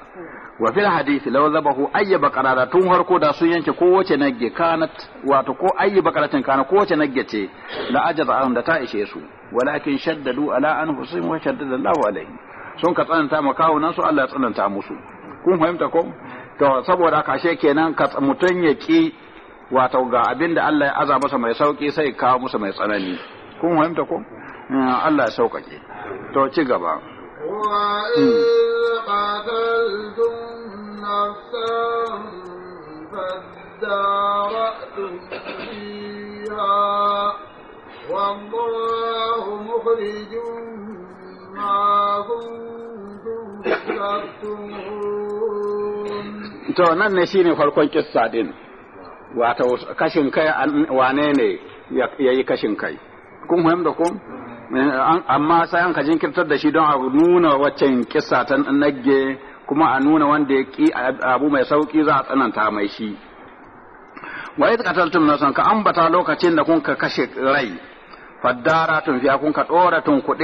Speaker 1: wa fil hadisi law zabahu ayya baqarara tun harko da sun yanke kowace nagge kanat wato ko ayya baqaratin kana kowace nagge ce la ajaza an da ta ishe su walakin shaddadu ala anfusihim wa shaddada Allah alaihi sun ka tsananta ma nan su Allah ya tsananta musu kun fahimta ko to saboda ka she kenan ka mutun ya ki wato ga abinda Allah ya aza masa mai sauki sai kawo masa mai tsanani kun fahimta ko eh, Allah ya sauƙaƙe to ci gaba وإذ
Speaker 2: قتلتم نفسا فادارأتم فيها والله مخرج ما كنتم
Speaker 1: to nan ne shine farkon kissa din wato kashin kai wane ne ya yi kashin kai kun fahimta ku? Eh, amma sai an ka jinkirtar da shi don a nuna waccan kissa ta nagge kuma a nuna wanda ya ki abu mai sauki za a tsananta mai shi wa idh tun nasan ka ambata lokacin da kunka kashe rai Faddara tun fiya kun ka dora tun ku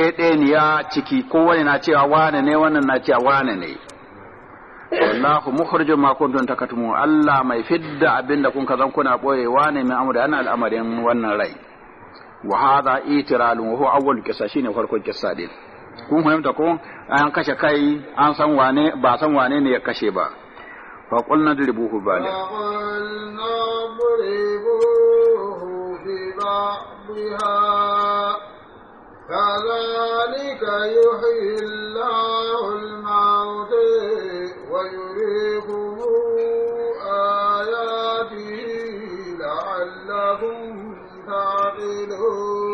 Speaker 1: ya ciki Ko wani na cewa wane ne wannan na cewa wane ne wallahu mukhrijum ma kuntum takatumu Allah mai fidda abinda kun ka zan kuna ɓoye wane mai amuri ana al'amarin wannan rai wa hadha itiralun wa huwa kisa shi ne farkon qissa din kun fahimta ko an kashe kai an san wane ba san wane ne ya kashe ba fa qulna dribuhu bali
Speaker 2: كذلك يحيي الله الموت ويريكم آياته لعلهم تعقلون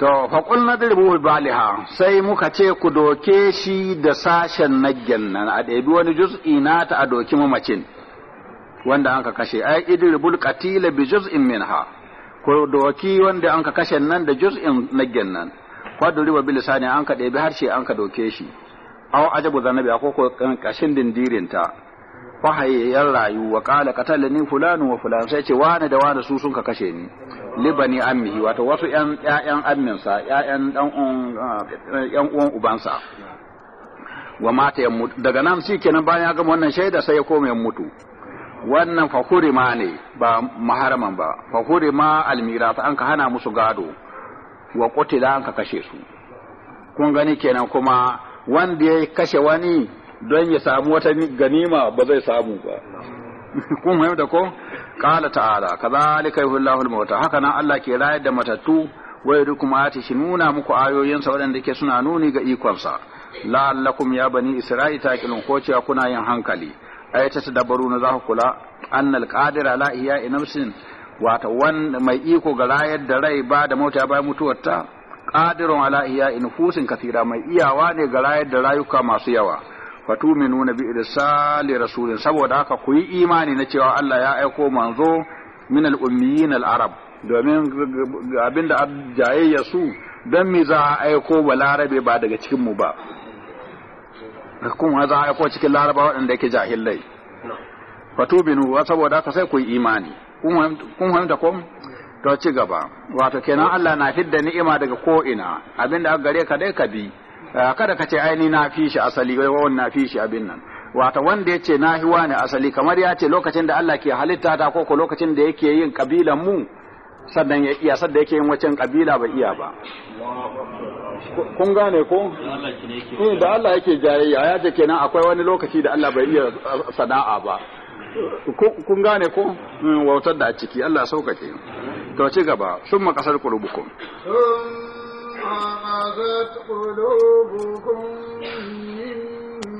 Speaker 1: To, faƙul na dirbu baliha sai muka ce ku doke shi da sashen nagyan nan a ɗabi wani juz'i na ta a doki mamacin wanda an kashe, ai idirbul katila bi juz'in minha ku doki wanda an kashe nan da juz'in nagyan nan, kwadon riba bilisani an ka ɗabi harshe an ka doke shi, au ajabu zanabi ko kashin dindirinta. yan rayu wa qala ni fulanu wa fulan sai ce wani da wani su sun ka kashe ni libani ammihi wato wasu yan ƴaƴan amminsa ƴaƴan dan ah, yan uwan ubansa wa mata yan mutu daga nan shi kenan bayan ya gama wannan shaida sai ya koma ya mutu wannan fahurima ne ba maharaman ba fahurima fa an ka hana musu gado wa qutila an ka kashe su kun gani kenan kuma wanda ya kashe wani don ya samu wata ganima ba zai samu ba *laughs* kun fahimta da ko qala ta'ala kadhalika yuhillahu al-mauta haka nan Allah ke rayar da matattu wai yurikum ati, shi nuna muku ayoyin ayoyinsa waɗanda ke suna nuni ga ikonsa la'allakum ya bani isra'i taqilun ko cewa kuna yin hankali ay ta tadabbaru na za ku kula annal qadir ala ihya nafsin wata wan mai iko ga rayar da rai ba da mota bayan mutuwarta qadirun ala ihya nufusin kathira mai iyawa ne ga rayar da rayuka masu yawa fatuminuna bi irsali rasulin saboda haka ku yi imani na cewa Allah ya aiko manzo min al-ummiyin al-arab domin abinda jayayya su don mi za a aiko ba larabe ba daga cikin mu ba kuma za a aiko cikin laraba waɗanda yake jahilai fatubinu wa saboda haka sai ku yi imani kun hamta kom to ci gaba wato kenan Allah na fidda ni'ima daga ko ina abinda aka gare ka dai ka bi Eh, kada ka ce aini na fi shi asali wawan na fi shi abin nan wata wanda yace na hiwa ne asali kamar ya ce lokacin da Allah ke halitta ta ko lokacin da yake yin kabilan mu sannan ya iya sadda yake yin wacin kabila ba iya ba kun gane ko eh da Allah yake jayayya ya ce kenan akwai wani lokaci da Allah bai iya eh, sana'a ba kun gane ko hmm, wautar da a ciki Allah ke to ci gaba sun makasar qulubukum
Speaker 2: عمدت قلوبكم من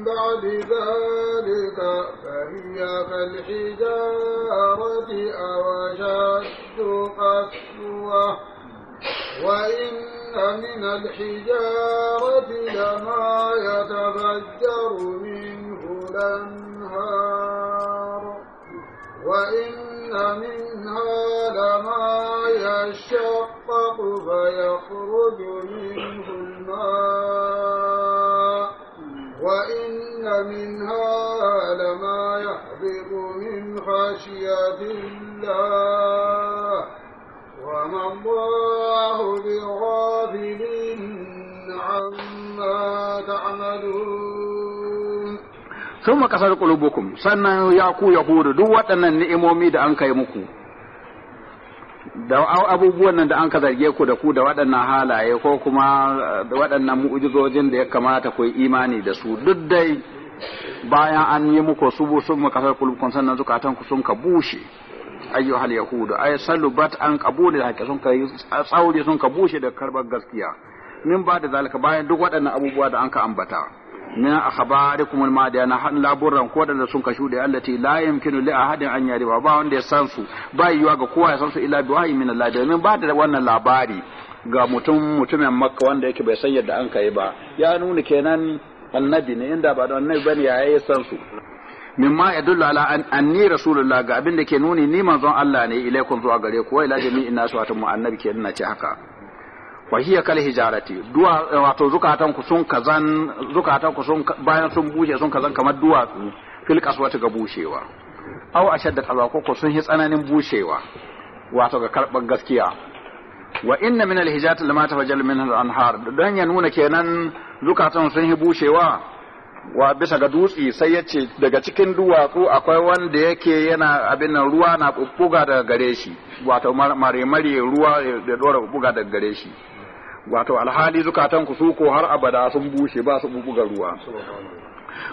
Speaker 2: بعد ذلك فهي كالحجارة أو أشد قسوة وإن من الحجارة لما يتفجر منه الأنهار وإن منها لما يشقق فيخرج منه الماء وإن منها لما يحبط من خشية الله وما الله بغافل عما تعملون
Speaker 1: sun kasar kulubukum sannan ya ku yahudu duk waɗannan ni'imomi da an kai muku da abubuwan nan da an ka zarge ku da ku da waɗannan halaye ko kuma eh, da waɗannan mu'ujizojin da ya kamata ku yi imani da su duk dai bayan an yi muku su sun kasar kulubukum sannan zukatan ku sun ka bushe ayyuhal yahudu ay salubat an qabuli hakka sun ka tsauri sun ka bushe da karbar gaskiya min ba da zalika bayan duk waɗannan abubuwa da an ka ambata min akhbarikum almadiya na han laburan ko da sun kashu da allati la yumkinu li ahadin an yariba ba wanda ya san su ba yiwa ga kowa ya san su illa bi wahyi min Allah domin ba da wannan labari ga mutum mutumin makka wanda yake bai san yadda an kai ba ya nuna kenan annabi ne inda ba da annabi bane ya yi san su mimma yadullu ala an anni rasulullah ga abin da ke nuni ni manzon Allah ne ilaikum zuwa gare ku wa ila jami'in nasu wato mu annabi ke nuna ce haka wa hiya kal hijarati duwa wato zukatan ku sun kazan zukatan ku sun bayan sun bushe sun kazan kamar duwa fil qaswati ga bushewa aw ashaddat azaqo ko sun yi tsananin bushewa wato ga karban gaskiya wa inna min al hijati lama tafajjal min al anhar dan ya nuna kenan zukatan sun yi bushewa wa bisa ga dutsi sai ya daga cikin duwatsu akwai wanda yake yana abin nan ruwa na bubbuga daga gare shi wato mare mare ruwa da dora bubbuga daga gare shi wato alhali zukatan ku su ko har abada sun bushe ba su bubuga ruwa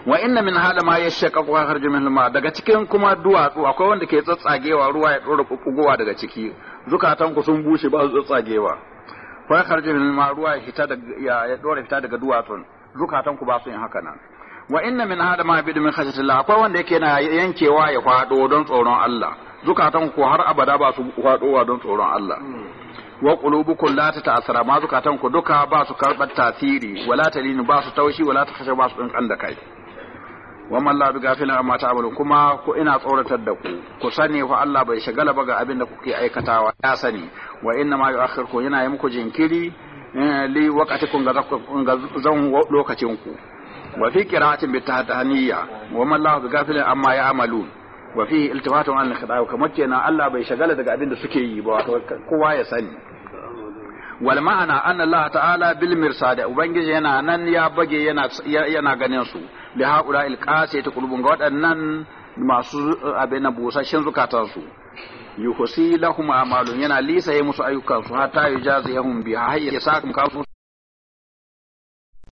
Speaker 1: wa inna min hada ma yashaqqaqu wa har min ma daga cikin kuma duwatsu akwai wanda ke tsatsagewa ruwa ya dora bubugowa daga ciki zukatan ku sun bushe ba su tsatsagewa fa kharju min ma ruwa ya fita daga ya dora fita daga duwatsun zukatan ku ba su yin haka nan wa inna min hada ma bidu min khashyati Allah akwai wanda yake na yankewa ya fado don tsoron Allah zukatan ku har abada ba su fadowa don tsoron Allah wa qulubukum la tata'asara ma zukatan ku duka ba su karbar tasiri wala talinu ba su taushi wala takhasha ba su dan da kai wa man la bighafilin amma ta'amalu kuma ku ina tsoratar da ku ku sani fa Allah bai shagala ba ga abin da kuke aikatawa ya sani wa inna ma yu'akhirku yana yi muku jinkiri eh, li waqatikum ga zan lokacin ku wa fi qira'atin bi tahdaniya wa man la bighafilin amma ya'malu wa fi iltifatun an al-khada'i kamar kenan Allah bai shagala daga abin da suke yi ba wato kowa ya sani wal ma'ana anna Allah ta'ala bil mirsad ubangiji yana nan ya bage yana yana ganin su li haula il ta qulubun ga waɗannan masu uh, abin na busashin zukatan su yuhsi lahum
Speaker 2: amalun yana lisa musu ayyukan su hatta yujazihum biha hayya sakum kafu